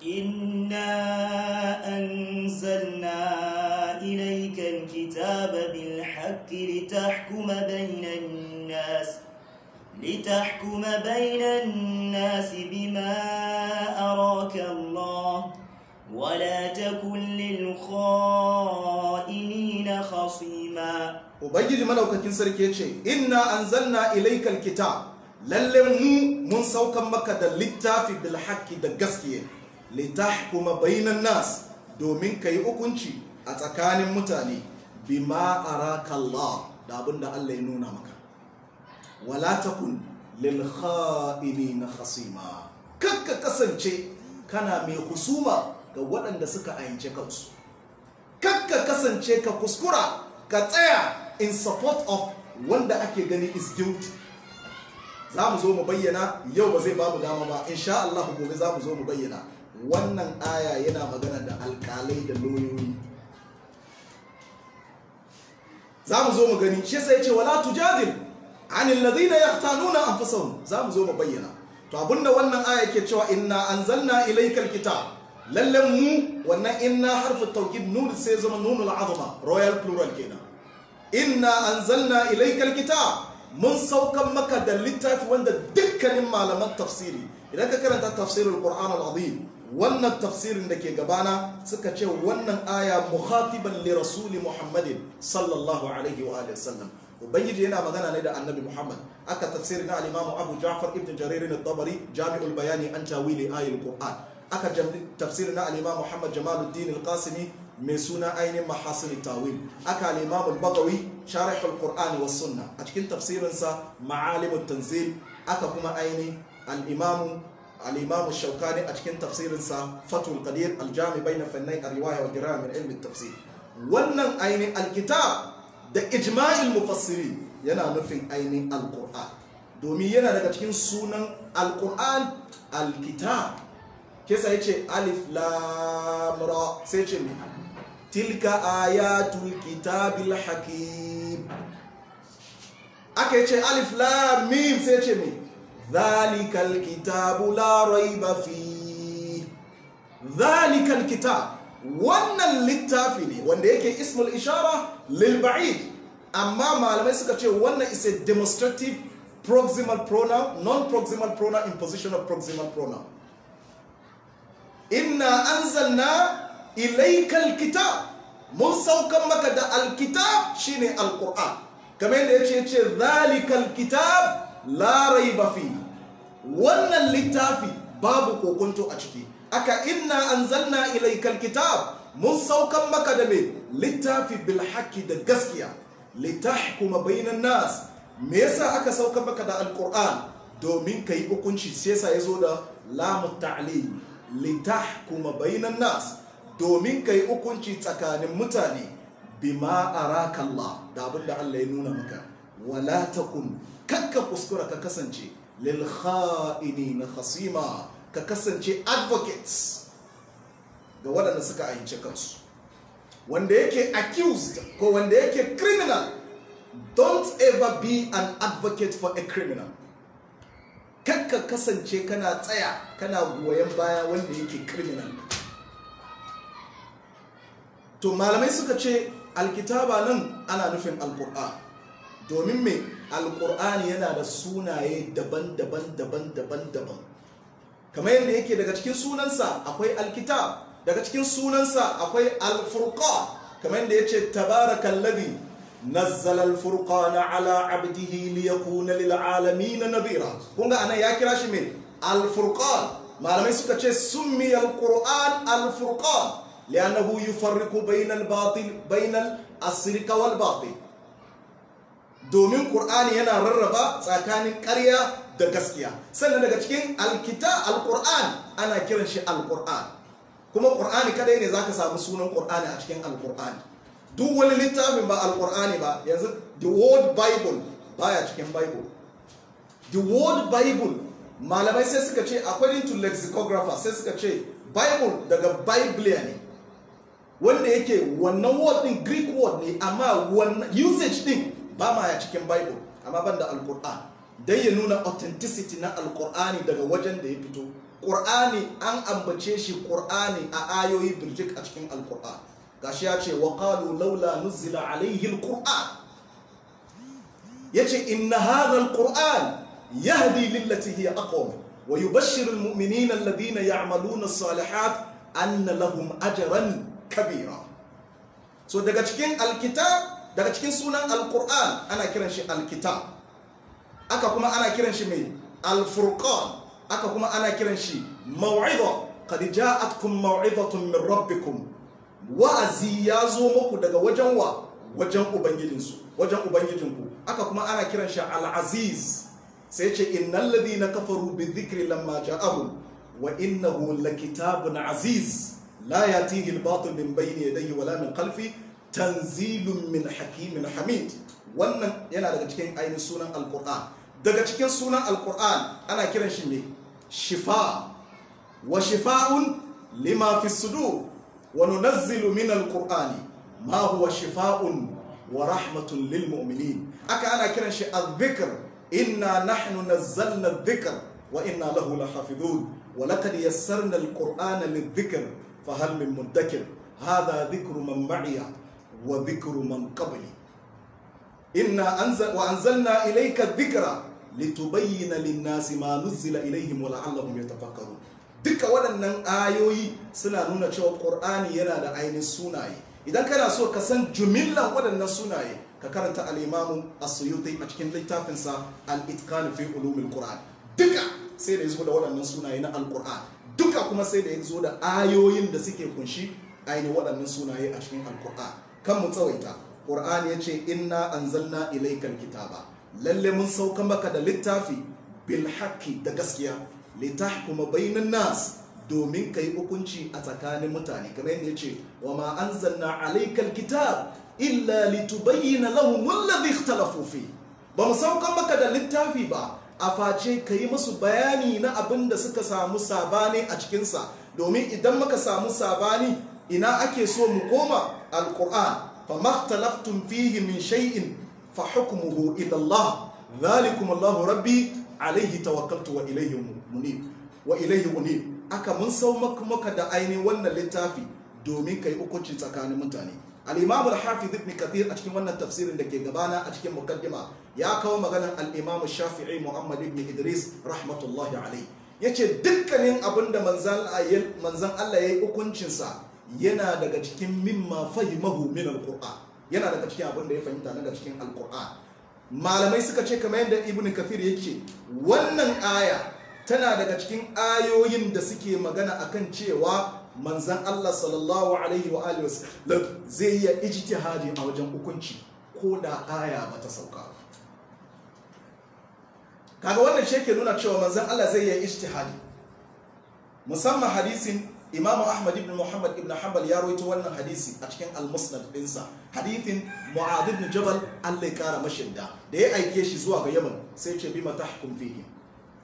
[SPEAKER 1] inna anzalna ilayka عليك الكتاب بالحق لتحكم بين الناس لتحكم بين الناس بما أراك الله ولا تكن للخائنين خصيما
[SPEAKER 2] وبيجي ملوكتين سركيتشي إنا أنزلنا إليك الكتاب للمن من mun مكة للتافي بالحق دقسكي لتحكم بين الناس دومين كي أكونشي a tsakanin mutane bima arakallah da abin da Allah ya nuna maka wala takun lil na hasima kakka kasance kana mai husuma ga waɗanda suka ayince kansu kakka kasance ka kuskura ka tsaya in support of wanda ake gani is guilty za mu zo mu bayyana yau ba zai babu dama ba insha Allah gobe za mu zo mu bayyana wannan aya yana magana da alkalai da lauyoyi za mu zo mu gani shi sai ce wala tujadil anil ladina yaqtanuna anfusahum za mu zo mu bayyana to abinda wannan aya ke cewa inna anzalna ilaykal kitab lallan mu wannan inna harfin tawkid nun sai zama nunul azuma royal plural kenan inna anzalna ilaykal kitab mun saukan maka da littafi wanda dukkanin malaman tafsiri idan ka karanta tafsirul qur'an al-azim wannan tafsirin da ke gabana suka ce wannan aya muhatiban li rasuli muhammadin sallallahu alaihi wa alihi sallam ubangiji yana magana ne da annabi muhammad aka tafsirin na alimamu abu ja'far ibn jarir na tabari jami'ul bayani an tawili ayatul qur'an aka tafsirin na alimamu muhammad jamaluddin al-qasimi mai suna ainihin mahasin tawil aka limamu bagawi sharihul qur'ani wa sunna a cikin tafsirinsa ma'alimut tanzil aka kuma ainihin al-imamu al-imam shaukani a cikin tafsirinsa fatul qadir al-jami bayna fannai ar-riwaya wa diraya tafsir wannan ainihin alkitab da ijma'il mufassiri yana nufin ainihin alkur'an domin yana daga cikin sunan alkur'an alkitab kisa ya ce alif lamra sai ce mai tilka ayatul kitabil hakim aka ce alif lamim sai ce mai zalikal kitabu la raiba fi zalikal kitab wannan littafi ne wanda yake ismul ishara lil ba'id amma malamai suka ce wannan is a demonstrative proximal pronoun non-proximal pronoun in position of proximal pronoun inna anzalna ilaikal kitab mun saukan maka da alkitab shine alquran kamar yadda yace yace zalikal kitab larai bafi wannan littafi babu kokonto a ciki aka inna an zanna ilai kitab mun saukan maka da mai littafi bilhaki da gaskiya kuma bayanan nas me yasa aka saukan maka da alkur'an domin ka yi hukunci sai sa ya zo da ta'ali littafi kuma bainan nas domin ka yi hukunci tsakanin mutane bima araka da abinda Allah ya nuna maka wala kun kakka kuskura ka kasance lil na khasima ka kasance advocates ga waɗanda suka ahince kansu wanda yake accused ko wanda yake criminal don't ever be an advocate for a criminal kakka kasance kana tsaya kana goyon baya wanda yake criminal to malamai suka ce alkitaba nan ana nufin alkur'a domin me alkur'ani yana da sunaye daban-daban daban-daban daban kamar yadda yake daga cikin sunansa akwai alkitab daga cikin sunansa akwai alfurqa kamar yadda yace tabarakallazi nazzala alfurqana ala abdihi liyakuna lil alamin nabira kun ga anan ya kira shi me alfurqan malamai suka ce summi alquran alfurqan li'annahu yufarriqu bainal batil bainal asriqa wal domin ƙur'ani yana rarraba tsakanin ƙarya da gaskiya sannan daga cikin alkita alƙur'an ana kiran shi alƙur'an kuma ƙur'ani kadai ne za ka samu sunan ƙur'ani a cikin alƙur'ani duk wani littafin ba alƙur'ani ba yanzu the word bible baya cikin bible the word bible malamai sai suka ce according to lexicographer sai suka ce bible daga biblia ne wanda yake wannan word din greek word ne amma usage din ba ma ya cikin bible amma ban da alkur'an don ya nuna authenticity na alkur'ani daga wajen da ya fito ƙur'ani an ambace shi ƙur'ani a ayoyi birjik a cikin alkur'an gashi ya ce wa qalu laula nuzila alaihi alkur'an yace inna hadha alquran yahdi lillati hiya aqwam wa yubashshiru almu'minina alladhina ya'maluna as-salihat anna lahum ajran kabira so daga cikin alkitab daga cikin sunan alkur'an ana kiran shi alkitab aka kuma ana kiran shi mai alfurqan aka kuma ana kiran shi mau'iza qad ja'atkum mau'izatun min rabbikum wa'azi ya zo muku daga wajen wa wajen ubangijinsu wajen ubangijinku aka kuma ana kiran shi al-aziz sai ce innal ladina kafaru bi dhikri lamma ja'ahum wa innahu lakitabun aziz la yatihi al-batil min bayni yadayhi wala min khalfi tanzilun min hakimin hamid wannan yana daga cikin ainihin sunan alkur'an daga cikin sunan alkur'an ana kiran shi ne shifa wa shifa'un lima fi sudur wa nunazzilu min ƙurani ma huwa shifa'un wa rahmatun lil mu'minin aka ana kiran shi azzikr inna nahnu nazzalna adh-dhikr wa inna lahu lahafizun wa laqad yassarna alqur'ana lidh-dhikr fahal min muddakir hadha dhikru man ma'iya wa dhikru man qabli inna anzal wa anzalna ilayka dhikra litubayyana lin-nasi ma nuzila ilayhim wa la'allahum yatafakkarun duka waɗannan ayoyi suna nuna cewa Qur'ani yana da aini sunaye idan kana so ka san jumillan waɗannan sunaye ka karanta al-Imam As-Suyuti a cikin littafinsa Al-Itqan fi Ulumil Qur'an duka sai da yazo da waɗannan sunaye na Al-Qur'an duka kuma sai da yazo da ayoyin da suke kunshi aini waɗannan sunaye a cikin Al-Qur'an kan mu tsawaita ya yace inna anzalna ilaykal kitaba lalle mun sauka maka da littafi bil haqqi da gaskiya litahkuma bainan nas domin kai hukunci a tsakanin mutane kamar yadda yace wa ma anzalna alaykal kitab illa litubayyana lahum alladhi ikhtalafu fi ba mu sauka maka da littafi ba a face ka yi musu bayani na abin da suka samu sabani a cikinsa domin idan muka samu sabani ina ake so mu koma alkur'an fa makhtalaftum fihi min shay'in fa hukmuhu ila Allah dhalikum Allah rabbi alayhi tawakkaltu wa ilayhi munib wa ilayhi aka mun sau maka da aini wannan littafi domin kai hukunci tsakanin mutane al-imam al-hafiz ibn kathir a cikin wannan tafsirin da ke gabana a cikin mukaddima ya kawo maganar al-imam shafi'i muhammad ibn idris rahmatullahi alayhi yace dukkanin abinda manzan Allah ya yi hukuncinsa yana daga cikin mimma fahimahu min alqur'an yana daga cikin abin da ya fahimta daga cikin alqur'an malamai suka ce kamar yadda ibnu kathir yake wannan aya tana daga cikin ayoyin da suke magana akan cewa manzan Allah sallallahu alaihi wa alihi wasallam zai iya ijtihadi a wajen hukunci ko da aya bata sauka kaga wannan shi nuna cewa manzan Allah zai iya ijtihadi musamman hadisin imam ahmad ibn muhammad ibn hanbal ya rawaito wannan hadisi a cikin al-musnad dinsa hadithin mu'adh ibn jabal Allah ya kara mashinda da ya aike shi zuwa ga yaman sai ce bima tahkum fihi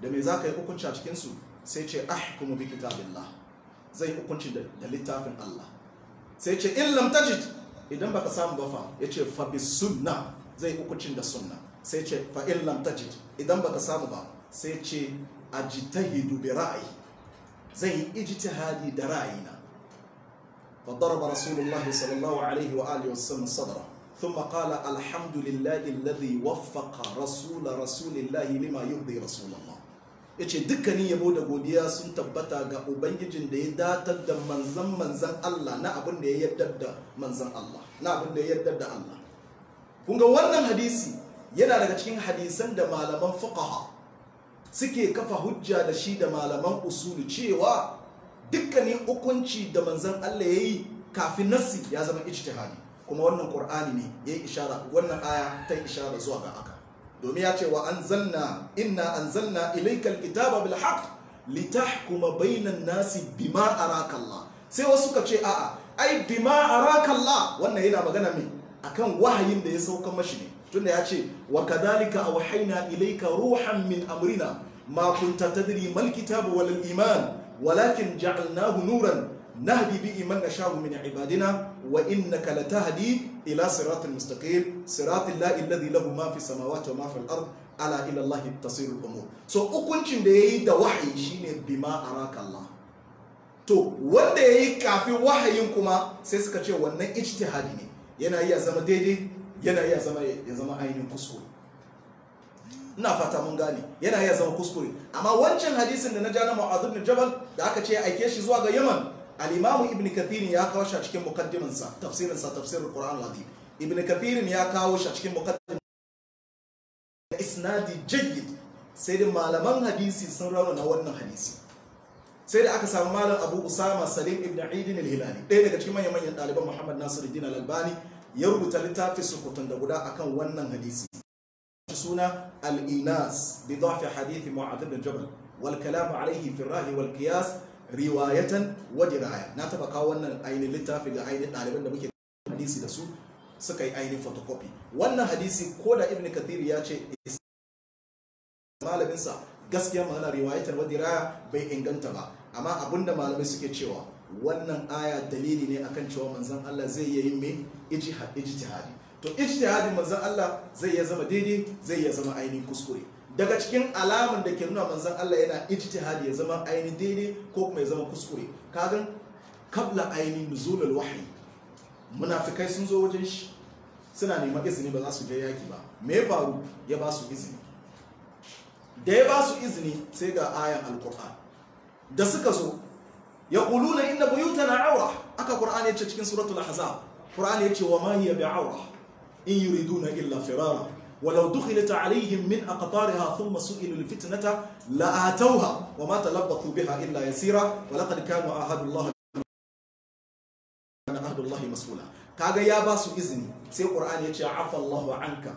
[SPEAKER 2] da me zaka yi hukunci a cikin su sai ce ahkumu bi kitabillah zai hukunci da littafin Allah sai ce in lam tajid idan baka samu ba fa yace fa bis sunna zai hukuncin da sunna sai ce fa in lam tajid idan baka samu ba sai ce ajtahidu bi ra'ayi zan yi ijtihadi da ra'ayina fa daraba rasulullahi sallallahu alaihi wa alihi wasallam sadra ثم قال الحمد لله الذي وفق رسول رسول الله لما يرضي رسول الله yace dukkanin yabo da godiya sun tabbata ga ubangijin da ya datar da manzan manzan Allah na abin da ya yarda da manzan Allah na abin da ya yarda da Allah kun wannan hadisi yana daga cikin hadisan da malaman fuqaha suke kafa hujja da shi da malaman usulu cewa dukkanin hukunci da manzon Allah ya yi kafin nassi ya zama ijtihadi kuma wannan qur'ani ne yayi ishara wannan aya ta ishara zuwa ga haka domin ya ce wa anzalna inna anzalna ilaykal kitaba bil haqq litahkuma bainan nasi bima araka Allah sai wasu ka ce a'a ai bima araka Allah wannan yana magana mai akan wahayin da ya sauka mashi ne tunda ya ce wa kadhalika awhayna ilayka ruhan min amrina ma kunta tadri mal wala wal iman walakin ja'alnahu nuran nahdi bihi man nasha'u min ibadina wa innaka latahdi ila siratin mustaqim siratil lahi alladhi lahu ma fi samawati wa ma fil ard ala ila tasirul umur so hukuncin da yayi da wahayi shine bima araka allah to wanda yayi kafin wahayin kuma sai suka ce wannan ijtihadi ne yana iya zama daidai yana iya zama ya zama ainihin kuskure ina fata mun gane yana iya zama kuskure amma wancan hadisin da na ja na mu'adh ibn jabal da aka ce aike shi zuwa ga yaman al-imamu ibn kathir ya kawo shi a cikin muqaddimin sa tafsirin sa tafsirul qur'an al ibn kathir ya kawo shi a cikin muqaddimin isnadi jayyid sai da malaman hadisi sun rawana wannan hadisi sai da aka samu malam abu usama salim ibn idin al-hilali ɗaya daga cikin manyan manyan ɗaliban muhammad nasiruddin al-albani ya rubuta littafin sukutun da guda akan wannan hadisi suna al-inas bi dhafi hadithi mu'adh da jabal wal kalam alayhi fi rahi wal qiyas riwayatan wa diraya na taba kawo wannan ainihin littafi ga ainihin ɗaliban da muke hadisi da su suka yi ainihin photocopy wannan hadisi ko da ibn kathir ya ce malaminsa gaskiya ma'ana riwayatar wa diraya bai inganta ba amma abinda malamai suke cewa wannan aya dalili ne akan cewa manzan Allah zai iya yin mai ijtihadi to ijtihadin manzan Allah zai iya zama daidai zai iya zama ainihin kuskure daga cikin alamun da ke nuna manzan Allah yana ijtihadi ya zama ainihin daidai ko kuma ya zama kuskure kagan kabla ainihin nuzulul wahyi munafikai sun zo wajen shi suna neman izini ba za su je yaki ba me ya faru ya ba su izini da ya ba su izini sai ga ayan alkur'an da suka zo ya ƙuluna inda buyuta na aura aka ƙur'an ya ce cikin suratul hazab ƙur'an ya ce wa ma hiya bi aura in yuriduna illa firara walau dukhilat alaihim min ha thumma masu lil fitnata la atawha wa ma talabbathu biha illa yasira wa laqad kanu ahadu mas'ula kaga ya ba su izini sai ƙur'an ya ce afa Allah anka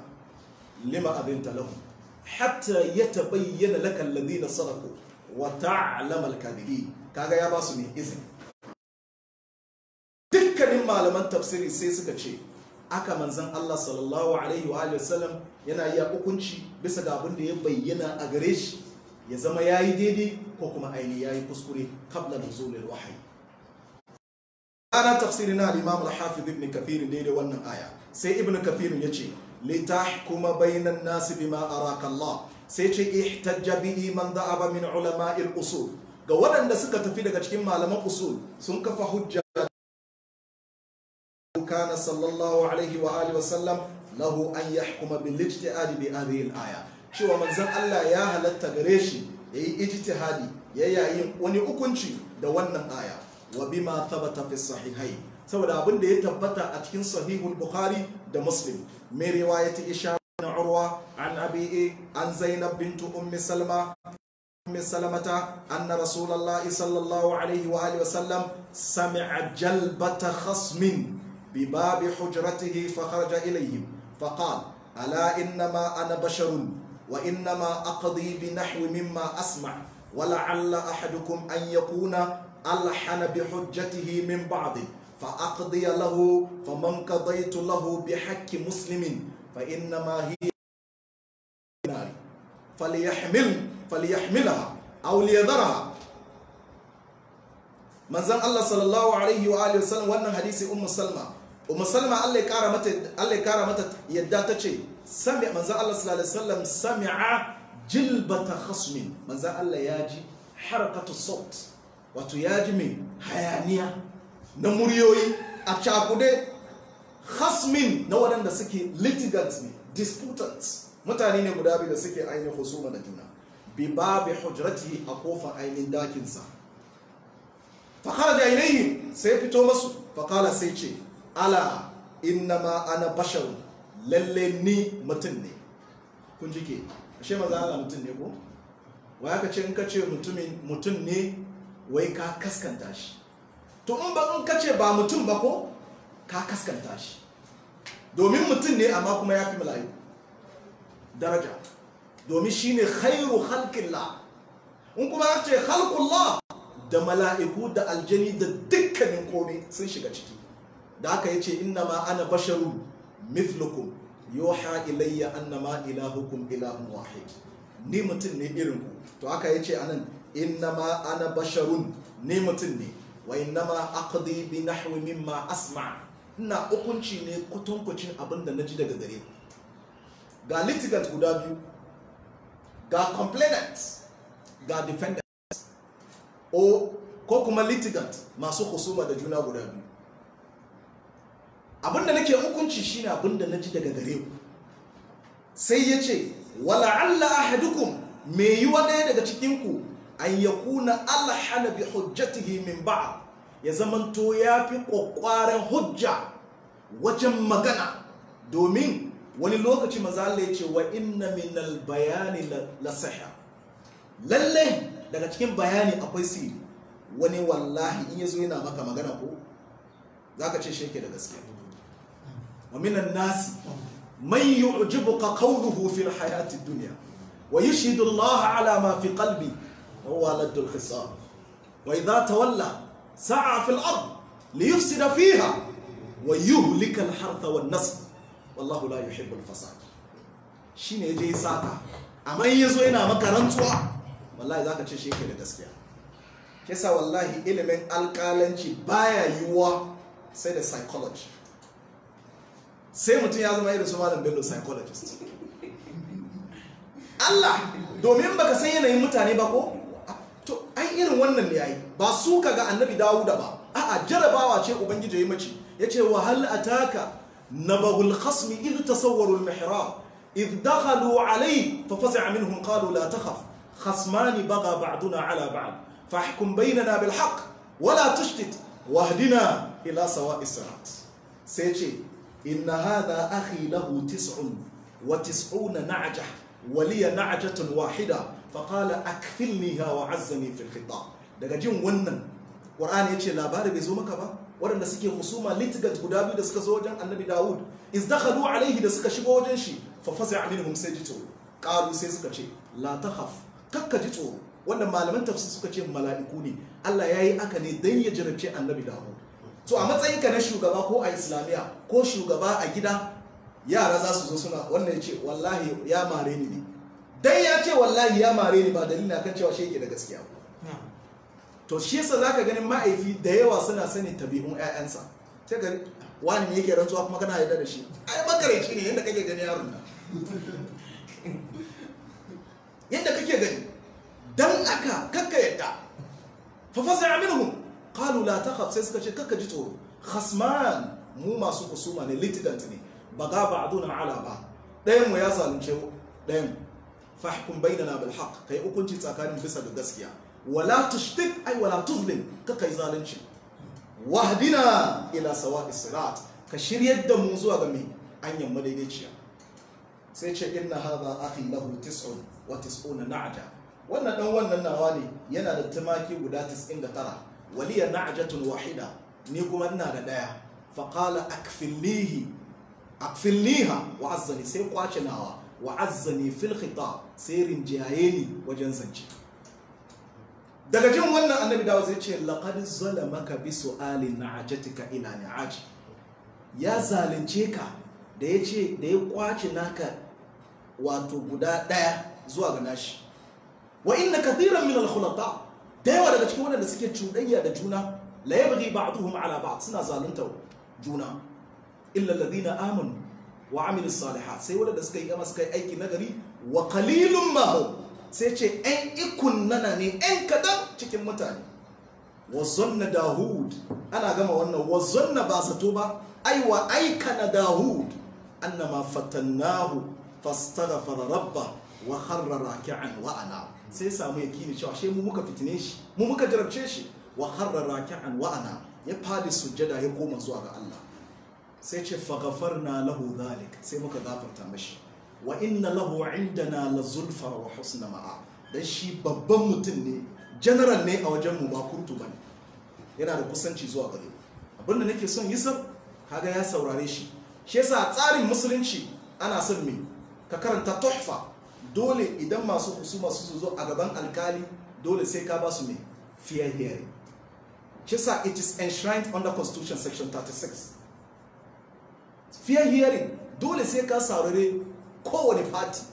[SPEAKER 2] lima abinta lahum hatta yatabayyana lakal ladina sadaku. wata ta'lam al kaga ya ba su ne izini dukkanin malaman tafsiri sai suka ce aka manzan Allah sallallahu alaihi wa sallam yana iya hukunci bisa ga abin da ya bayyana a gare shi ya zama yayi daidai ko kuma aini yayi kuskure qabla nuzul al-wahyi ana tafsirin na imam al-hafiz ibn kathir daidai wannan aya sai ibn kathir yace litahkuma bainan nas bima araka Allah sai ce ihtajja bihi man da'aba min ulama'il usul ga waɗanda suka tafi daga cikin malaman usul sun kafa hujja kana sallallahu alaihi wa alihi wasallam lahu an yahkuma bil ijtihadi bi hadhihi al aya cewa manzon Allah ya halatta gare shi yayi ijtihadi ya yayin wani hukunci da wannan aya wa bima thabata fi sahihai saboda abin da ya tabbata a cikin sahihul bukhari da muslim mai riwayati isha عن عروة عن أبيه عن زينب بنت أم سلمة أم سلمة أن رسول الله صلى الله عليه وآله وسلم سمع جلبة خصم بباب حجرته فخرج إليهم فقال ألا إنما أنا بشر وإنما أقضي بنحو مما أسمع ولعل أحدكم أن يكون ألحن بحجته من بعضه فأقضي له فمن قضيت له بحق مسلم فإنما هي نار فليحمل فليحملها أو ليذرها manzon Allah sallallahu alaihi wa alihi wasallam wannan hadisi ummu salma ummu salma Allah ya kara mata Allah ya kara mata yadda tace sami manzon Allah sallallahu alaihi wasallam sami'a jilbata khasmin manzon Allah ya ji harakatu sawt wato ya ji mai hayaniya na muryoyi a cakude hasmin na waɗanda suke litigants ne disputants mutane ne guda biyu da suke ainihin husuma da juna bi bi hujrati a kofar ainihin dakinsa fakara da ainihi sai fito masu fakala sai ce ala ma ana bashar lalle ni mutum ne kun ji ke ashe maza ala mutum ne ko wa ya ka ce in ka ce mutum ne wai ka kaskanta shi to in ba in ka ba mutum ba ko ka kaskanta shi domin mutum ne amma kuma ya fi mala'iku daraja domin shi ne khairu halkillah in kuma ya ce halkullah da mala'iku da aljani da dukkanin komai sun shiga ciki da aka yi ce inna ma ana basharu mithlukum yoha ilayya annama ilahukum ilahun wahid ni mutum ne irin ku to aka yi ce anan inna ma ana basharun ni mutum ne wa innama aqdi bi nahwi mimma asma ina hukunci ne kutunkucin abin da naji daga gare ku ga litigant guda biyu ga complainant ga defendant o ko kuma litigant masu husuma da juna guda biyu abin da nake hukunci shine abin da naji daga gare ku sai ya ce alla ahadukum me yi wa daya daga cikinku an yakuna alhana bi hujjatihi min ba'd ya zamanto ya fi kwakwaren hujja wajen magana domin wani lokaci mazala ya ce wa inna minal bayani la sahiha lalle daga cikin bayani akwai siri wani wallahi in yazo yana maka magana ko zaka ce sheke da gaske wa minan nasi man yu'jibuka qawluhu fil hayati dunya wa yashhadu Allah ala ma fi qalbi هو لد الخصام وإذا تولى سعى في الأرض ليفسد فيها ويهلك الحرث والنسل والله لا يحب الفساد shine ya je ya sata amma in yazo yana maka rantsuwa wallahi zaka ce shi yake da gaskiya kisa wallahi ilimin alkalanci baya yiwuwa sai da psychology sai mutum ya zama irin su malam bello psychologist Allah domin baka san yanayin mutane ba ko ai irin wannan ne yayi ba su kaga annabi dawuda ba a'a jarabawa ce ubangiji ya mace yace wa hal ataka nabahul khasm idh tasawwaru al mihrab idh dakhalu alayhi fa fasa'a minhum qalu la takhaf khasmani baga ba'duna ala ba'd fahkum baynana bil haqq wa la tushtit wahdina ila sawa'is sirat sai yace inna hadha akhi lahu tis'un wa tis'una na'jah wa liya na'jatun wahida فقال اكفلنيها wa في الخطاب daga jin wannan ƙur'ani ya ce labari bai zo maka ba waɗanda suke husuma litigat guda biyu da suka zo wajen annabi dawud iz dakhalu alaihi da suka shigo wajen shi fa faza'a minhum sai ji sai suka ce la takhaf kakka ji tsoro wannan malaman tafsir suka ce mala'iku ne Allah yayi aka ne dan ya jarabce annabi dawud to a matsayin ka na shugaba ko a islamiya ko shugaba a gida yara za su zo suna wannan ya ce wallahi ya mare ni ne dan ya ce wallahi ya mare ni ba dalilin kan cewa shi yake da gaskiya to shi yasa zaka ganin ma'aifi da yawa suna sanin tabi'un ƴaƴansa sai ka wani ne yake rantsuwa kuma kana yarda da shi ai makareci ne yadda kake gani yaron nan yadda kake gani dan aka kakka yadda fa fasa'a minhum qalu la takhaf sai suka ce kakka ji tsoro khasman mu masu kusuma ne litigant ne baga ba'duna ala ba dayan mu ya zalunce dayan fahkum bainana bil haqq kai hukunci tsakanin bisa ga gaskiya wala tushtik ai wala tuzlim ka kai zalunci wahdina ila sawa'is sirat ka shiryar da mu zuwa ga mai anyan madaidaiciya sai ce inna hadha akhi lahu tis'un wa tis'una na'ja wannan dan wannan nawa ne yana da tumaki guda 99 waliya na'jatun wahida ni kuma ina da daya fa qala akfillihi akfilliha wa azzani sai kwace nawa wa azzani fil sai rinjaye ni wajen zance daga jin wannan annabi dawo zai ce laqad zalamaka bi su'ali na'ajatika ila ni'aj ya zalunce ka da ya ce da ya kwace naka wato guda daya zuwa ga nashi wa inna kathiran min al-khulata da yawa daga cikin waɗanda suke cuɗayya da juna la yabghi ba'dhum ala ba'd suna zalunta juna illa alladhina amanu wa amil salihat sai wadanda suka yi gama suka yi aiki nagari wa qalilun ma sai ce ɗan ikun nana ne ɗan kadan cikin mutane wa zanna dahud ana gama wannan wa zanna ba zato ba ai wa aikana dahud annama fatannahu fastaghfara rabba wa kharra raki'an wa ana sai samu yakini cewa shi mu muka fitine shi mu muka jarabce shi wa kharra raki'an wa ana ya fadi sujjada ya koma zuwa ga Allah sai ce na lahu dhalik sai muka gafarta mashi wa inna lahu indana la zulfa wa husna ma'a dan shi babban mutum ne general ne a wajen mu ba kurtu bane yana da kusanci zuwa gare abinda nake son yusuf kaga ya saurare shi shi yasa tsarin musulunci ana son me ka karanta tuhfa dole idan masu husuma su zo a gaban alkali dole sai ka basu su me fair hearing shi yasa it is enshrined under constitution section 36 fair hearing dole sai ka saurare kowane fati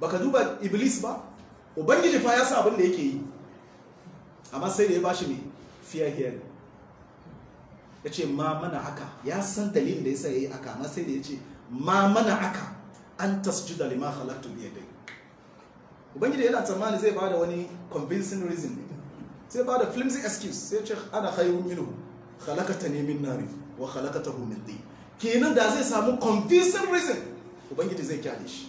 [SPEAKER 2] baka duba iblis ba ubangiji fa ya sa abin da yake yi amma sai da ya bashi mai fair hearing ya ce ma mana aka ya san dalilin da ya sa ya yi aka amma sai da ya ce ma mana aka an da lima halattu biya dai ubangiji yana tsammani zai bada wani convincing reason sai bada flimsy excuse sai ce ana minu halakata ne min nari wa khalaqatahu min tin kenan da zai samu convincing reason ubangiji zai kyale shi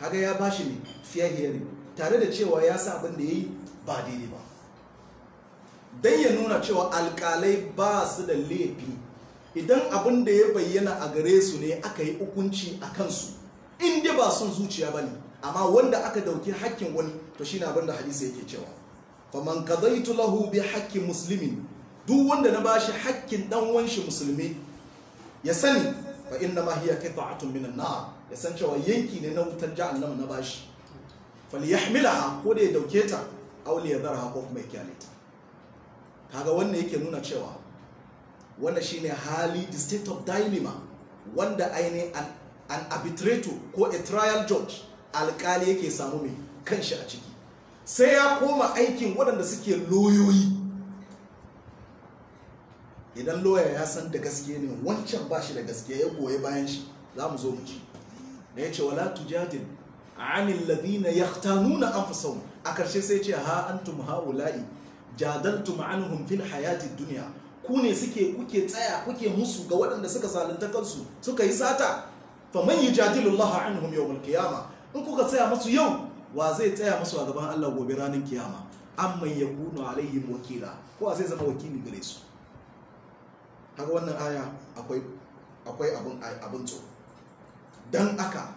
[SPEAKER 2] kaga ya bashi ne fair hiyari tare da cewa ya sa abin da yayi ba daidai ba dan ya nuna cewa alkalai ba su da laifi idan abin da ya bayyana a gare su ne aka yi hukunci a kansu in dai ba son zuciya ba ne amma wanda aka dauki hakkin wani to shine abin da hadisi yake cewa faman qadaitu lahu bi haqqi muslimin duk wanda na bashi hakkin dan shi musulmi ya sani fa inna ma hiya qita'atun an nar ya san cewa yanki ne na wutar jahannama na bashi yahmilaha ko da ya dauke ta aw li yadharha ko kuma ya kyale ta kaga wannan yake nuna cewa wannan shine hali the state of dilemma wanda aine an, an arbitrator ko a trial judge alkali yake samu mai kanshi a ciki sai ya koma aikin waɗanda suke loyoyi idan loya ya san da gaske ne wancan ba shi da gaske ya goye bayan shi za mu zo mu ci. da ya ce wala tujadil anil ladina yahtanuna anfusahum a karshe sai ce ha antum haula'i jadaltum anhum fil hayati dunya ku ne suke kuke tsaya kuke musu ga waɗanda suka zalunta kansu suka yi sata fa man an anhum yawmal qiyama in kuka tsaya masu yau wa zai tsaya masu a gaban Allah gobe ranar kiyama amman yakunu alaihim wakila ko a zai zama wakili gare su kaga wannan aya akwai akwai abin abin to dan aka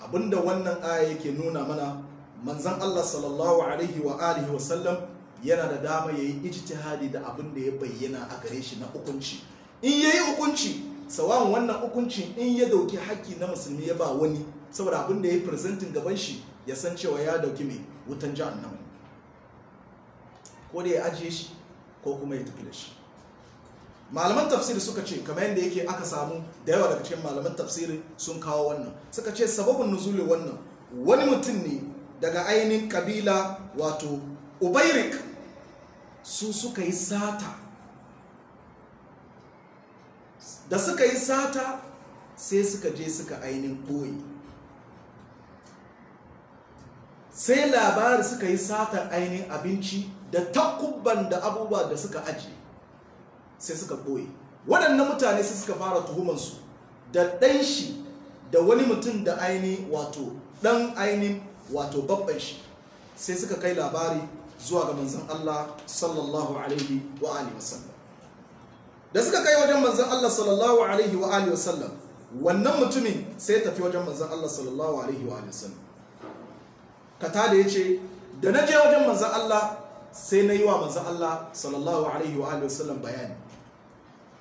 [SPEAKER 2] abinda wannan aya yake nuna mana manzon Allah sallallahu alaihi wa alihi wa sallam yana da dama yayi ijtihadi da abin da ya bayyana a gare shi na hukunci in yayi hukunci sawan wannan hukuncin in ya dauki haƙƙi na musulmi ya ba wani saboda abin da ya presentin gaban shi ya san cewa ya dauki mai wutan jahannama ko da ya ajiye shi ko kuma ya tafi da shi malaman tafsiri suka ce kamar yadda yake aka samu da yawa daga cikin malaman tafsiri sun kawo wannan suka ce sababin nuzuli wannan wani mutum ne daga ainihin kabila wato ubairik su suka yi sata da suka yi sata sai suka je suka ainihin koyi sai labari suka yi satar ainihin abinci da takubban da abubuwa da suka ajiye sai suka boye waɗannan mutane sai suka fara tuhumansu da ɗan shi da wani mutum da aini wato ɗan aini wato babban shi sai suka kai labari zuwa ga manzan Allah sallallahu alaihi wa alihi wasallam da suka kai wajen manzan Allah sallallahu alaihi wa alihi wasallam wannan mutumin sai tafi wajen manzan Allah sallallahu alaihi wa alihi wasallam kata da yace da na je wajen manzan Allah sai na yi wa manzan Allah sallallahu alaihi wa alihi wasallam bayani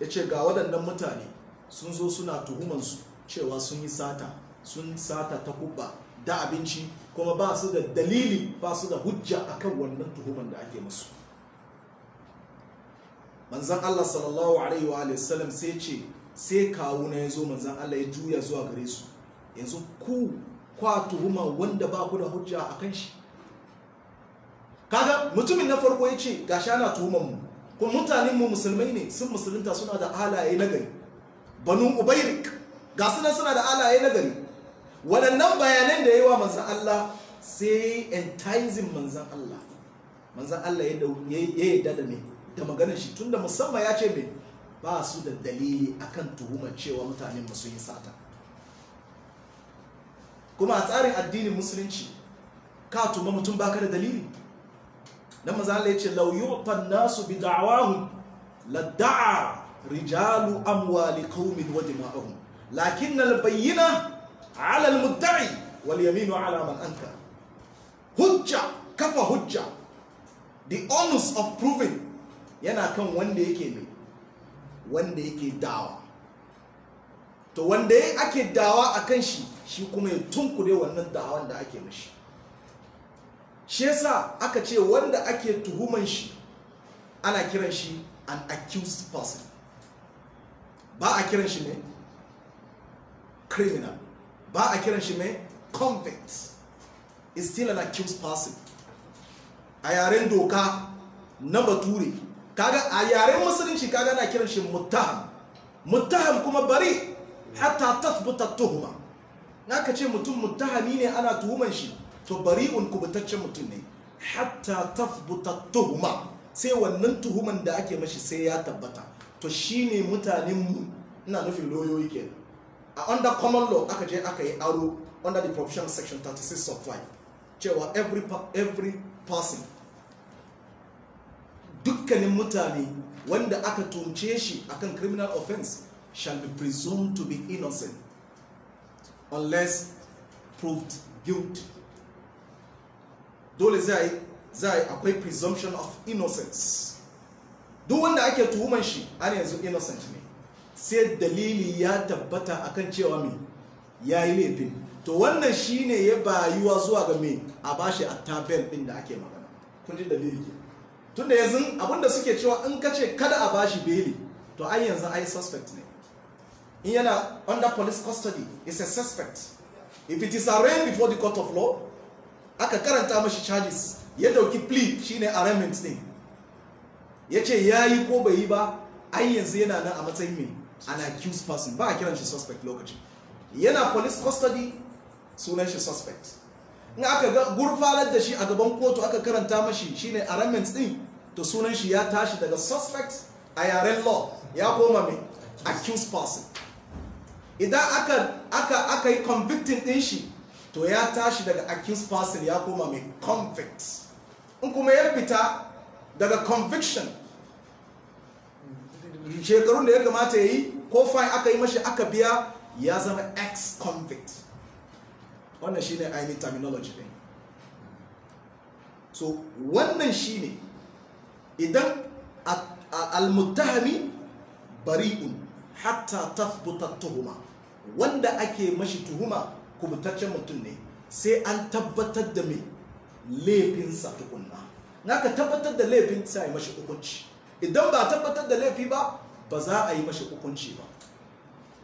[SPEAKER 2] ya ce ga waɗannan mutane sun zo suna tuhumansu cewa sun yi sata sun sata ta kubba da abinci kuma ba su da dalili ba su da hujja a kan wannan tuhuman da ake musu manzan Allah sallallahu alaihi wa sallam sai ce sai kawo na ya zo manzan Allah ya juya zuwa gare su yanzu ku kwa tuhuma wanda ba ku da hujja a kan shi kaga mutumin na farko ya ce gashi ana tuhuman ko mutanen mu musulmai ne sun musulunta suna da halaye na gari banu ubairik ga su suna da halaye na gari waɗannan bayanan da ya yi manzan Allah sai entizing manzan Allah manzan Allah ya yadda da ne da maganar shi tunda musamman ya ce mai ba su da dalili akan tuhumar cewa mutanen masu sun yi sata kuma a tsarin addinin musulunci ka tuma mutum baka da dalili dan maza Allah yace law yu'tan nasu bi da'wahum lada'a rijalu amwali qaumin wa dima'uhum lakin al-bayyina 'ala al-mudda'i wal yaminu 'ala man anka hujja kafa hujja the onus of proving yana kan wanda yake mai wanda yake dawa to wanda ake dawa akan shi shi kuma ya tunkure wannan dawan da ake mashi shi yasa aka ce wanda ake tuhuman shi ana kiran shi an accused person ba a kiran shi ne criminal ba a kiran shi ne convict is still an accused person a yaren doka na bature kaga a yaren musulunci kaga na kiran shi muttaham muttaham kuma bari hatta tathbuta tuhuma naka ce mutum muttahami ne ana tuhuman shi to bari bari'un kubutaccen mutum ne hatta tafbuta tuhuma sai wannan tuhuman da ake mashi sai ya tabbata to shine mutanen mu ina nufin loyoyi kenan a under common law aka je aka yi aro under the provision section 36 of 5 cewa every, every person dukkanin mutane wanda aka tumce shi akan criminal offense shall be presumed to be innocent unless proved guilty dole za zai akwai presumption of innocence duk wanda ake tuhuman shi ana yanzu innocent ne sai dalili ya tabbata akan cewa mai ya yi laifin to wannan shi ne ya bayuwa zuwa ga mai a bashi a tabel din da ake magana kun ji dalili ke tun da yanzu abinda suke cewa in ka ce kada a bashi beli to an yanzu ai suspect ne in yana under police custody is a suspect if it is arraigned before the court of law aka karanta mashi charges ya dauki plea shine arraignment ne ya ce ya yi ko bai yi ba ai yanzu yana nan a matsayin mai an accused person ba a kiran shi suspect lokaci
[SPEAKER 1] yana police
[SPEAKER 2] custody sunan shi suspect in aka gurfanar da shi a gaban kotu aka karanta mashi shine arraignment din to sunan shi ya tashi daga suspect a yaren law ya koma mai accused person idan aka aka aka yi convicting din shi to ya tashi daga accused person ya koma mai convict in kuma ya fita daga conviction shekarun da ya kamata ya yi ko fine aka yi mashi aka biya ya zama ex-convict wannan shine ainihin terminology ne. so wannan shine idan al-muttahami bari'un hatta tathbuta tuhuma wanda ake mashi tuhuma kubutaccen mutum ne sai an tabbatar da mai laifinsa tukunna na ka tabbatar da laifin sai a yi mashi hukunci idan ba tabbatar da laifi ba ba za a yi mashi hukunci ba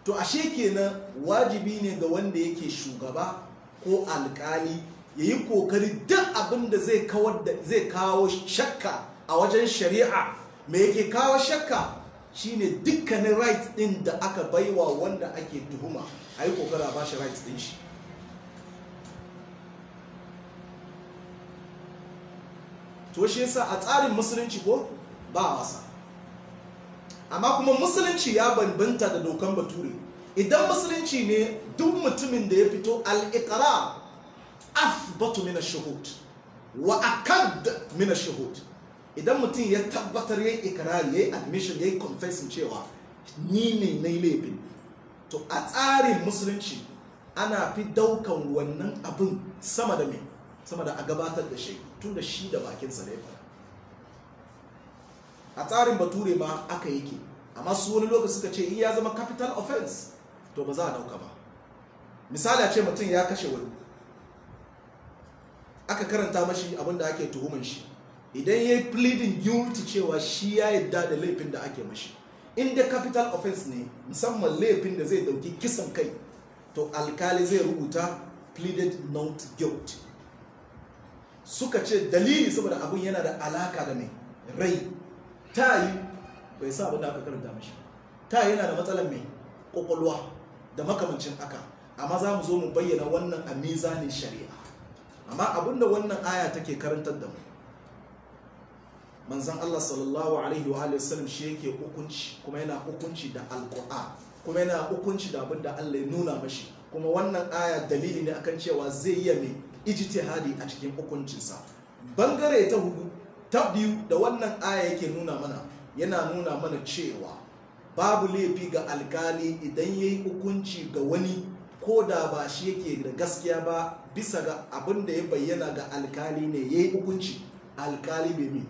[SPEAKER 2] to ashe kenan wajibi ne ga wanda yake shugaba ko alkali ya yi kokari duk abin da zai kawo shakka a wajen shari'a mai yake kawo shakka shine dukkanin right din da aka baiwa wanda ake tuhuma a yi kokara ba shi rights din shi to shi yasa a tsarin musulunci ko ba a wasa amma kuma musulunci ya bambanta da dokan bature idan musulunci ne duk mutumin da ya fito al'ikara af min ash-shuhud wa akad min ash-shuhud idan mutum ya tabbatar yayi ya yayi admission yayi confessing cewa ni ne nayi laifin to a tsarin musulunci ana fi daukan wannan abin sama da mai sama da a gabatar da shi tun da shi da bakinsa da ya a tsarin bature ba aka yake amma su wani lokaci suka ce in ya zama capital offense to ba za a dauka ba misali a ce mutum ya kashe wani aka karanta mashi abin da ake tuhuman shi idan ya yi pleading guilty cewa shi ya yi da laifin da ake mashi in da capital offense ne musamman laifin da zai dauki kisan kai to alkali zai rubuta pleaded not guilty suka ce dalili saboda abun yana da alaka da mai rai ta yi bai sa abin da aka karanta mashi ta yana da matsalar mai kwakwalwa da makamancin aka amma za mu zo mu bayyana wannan a mizanin shari'a amma abinda wannan aya take karantar da mu manzan Allah sallallahu alaihi wa sallam shi yake hukunci kuma yana hukunci da alƙu'a kuma yana hukunci da abin da Allah ya nuna mashi kuma wannan aya dalili ne akan cewa zai iya mai ijtihadi a cikin hukuncinsa bangare ta hudu ta biyu da wannan aya yake nuna mana yana nuna mana cewa babu laifi ga alkali idan yayi hukunci ga wani ko da ba shi yake da gaskiya ba bisa ga abin da ya bayyana ga alkali ne yayi hukunci alkali bai mai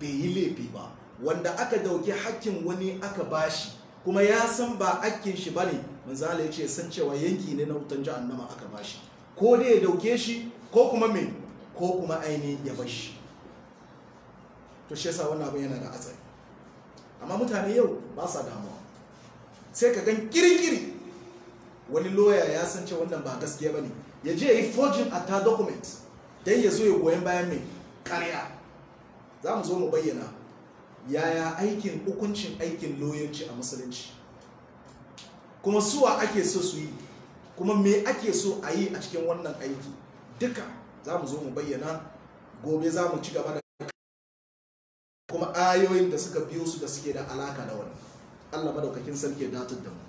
[SPEAKER 2] bai yi laifi ba wanda aka dauki hakkin wani aka bashi kuma ya san ba hakkin shi bane manzala ya ce san cewa yanki ne na wutan jahannama aka bashi ko dai ya dauke shi ko kuma me ko kuma aini ya bashi to shi yasa wannan abin yana da hatsari amma mutane yau ba sa damuwa sai ka gan kirikiri wani lawyer ya san cewa wannan ba gaskiya bane ya je ya yi forging a document Dan ya zo ya goyon bayan mai Ƙarya. za mu zo mu bayyana yaya aikin hukuncin aikin loyanci a musulunci kuma suwa ake so su yi kuma me ake so a yi a cikin wannan aiki duka za mu zo mu bayyana gobe za mu ci gaba da kuma ayoyin da suka biyo su da suke da alaka da wani. allah madaukakin sarki datar da mu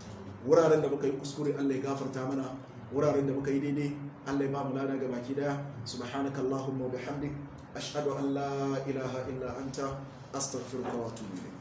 [SPEAKER 2] wuraren da muka yi kuskure allah ya gafarta mana wuraren da muka yi daidai allah ya ba mu lada ga baki daya subhanakallahumma wa bihamdik أشهد أن لا إله إلا أنت أستغفرك وأتوب إليك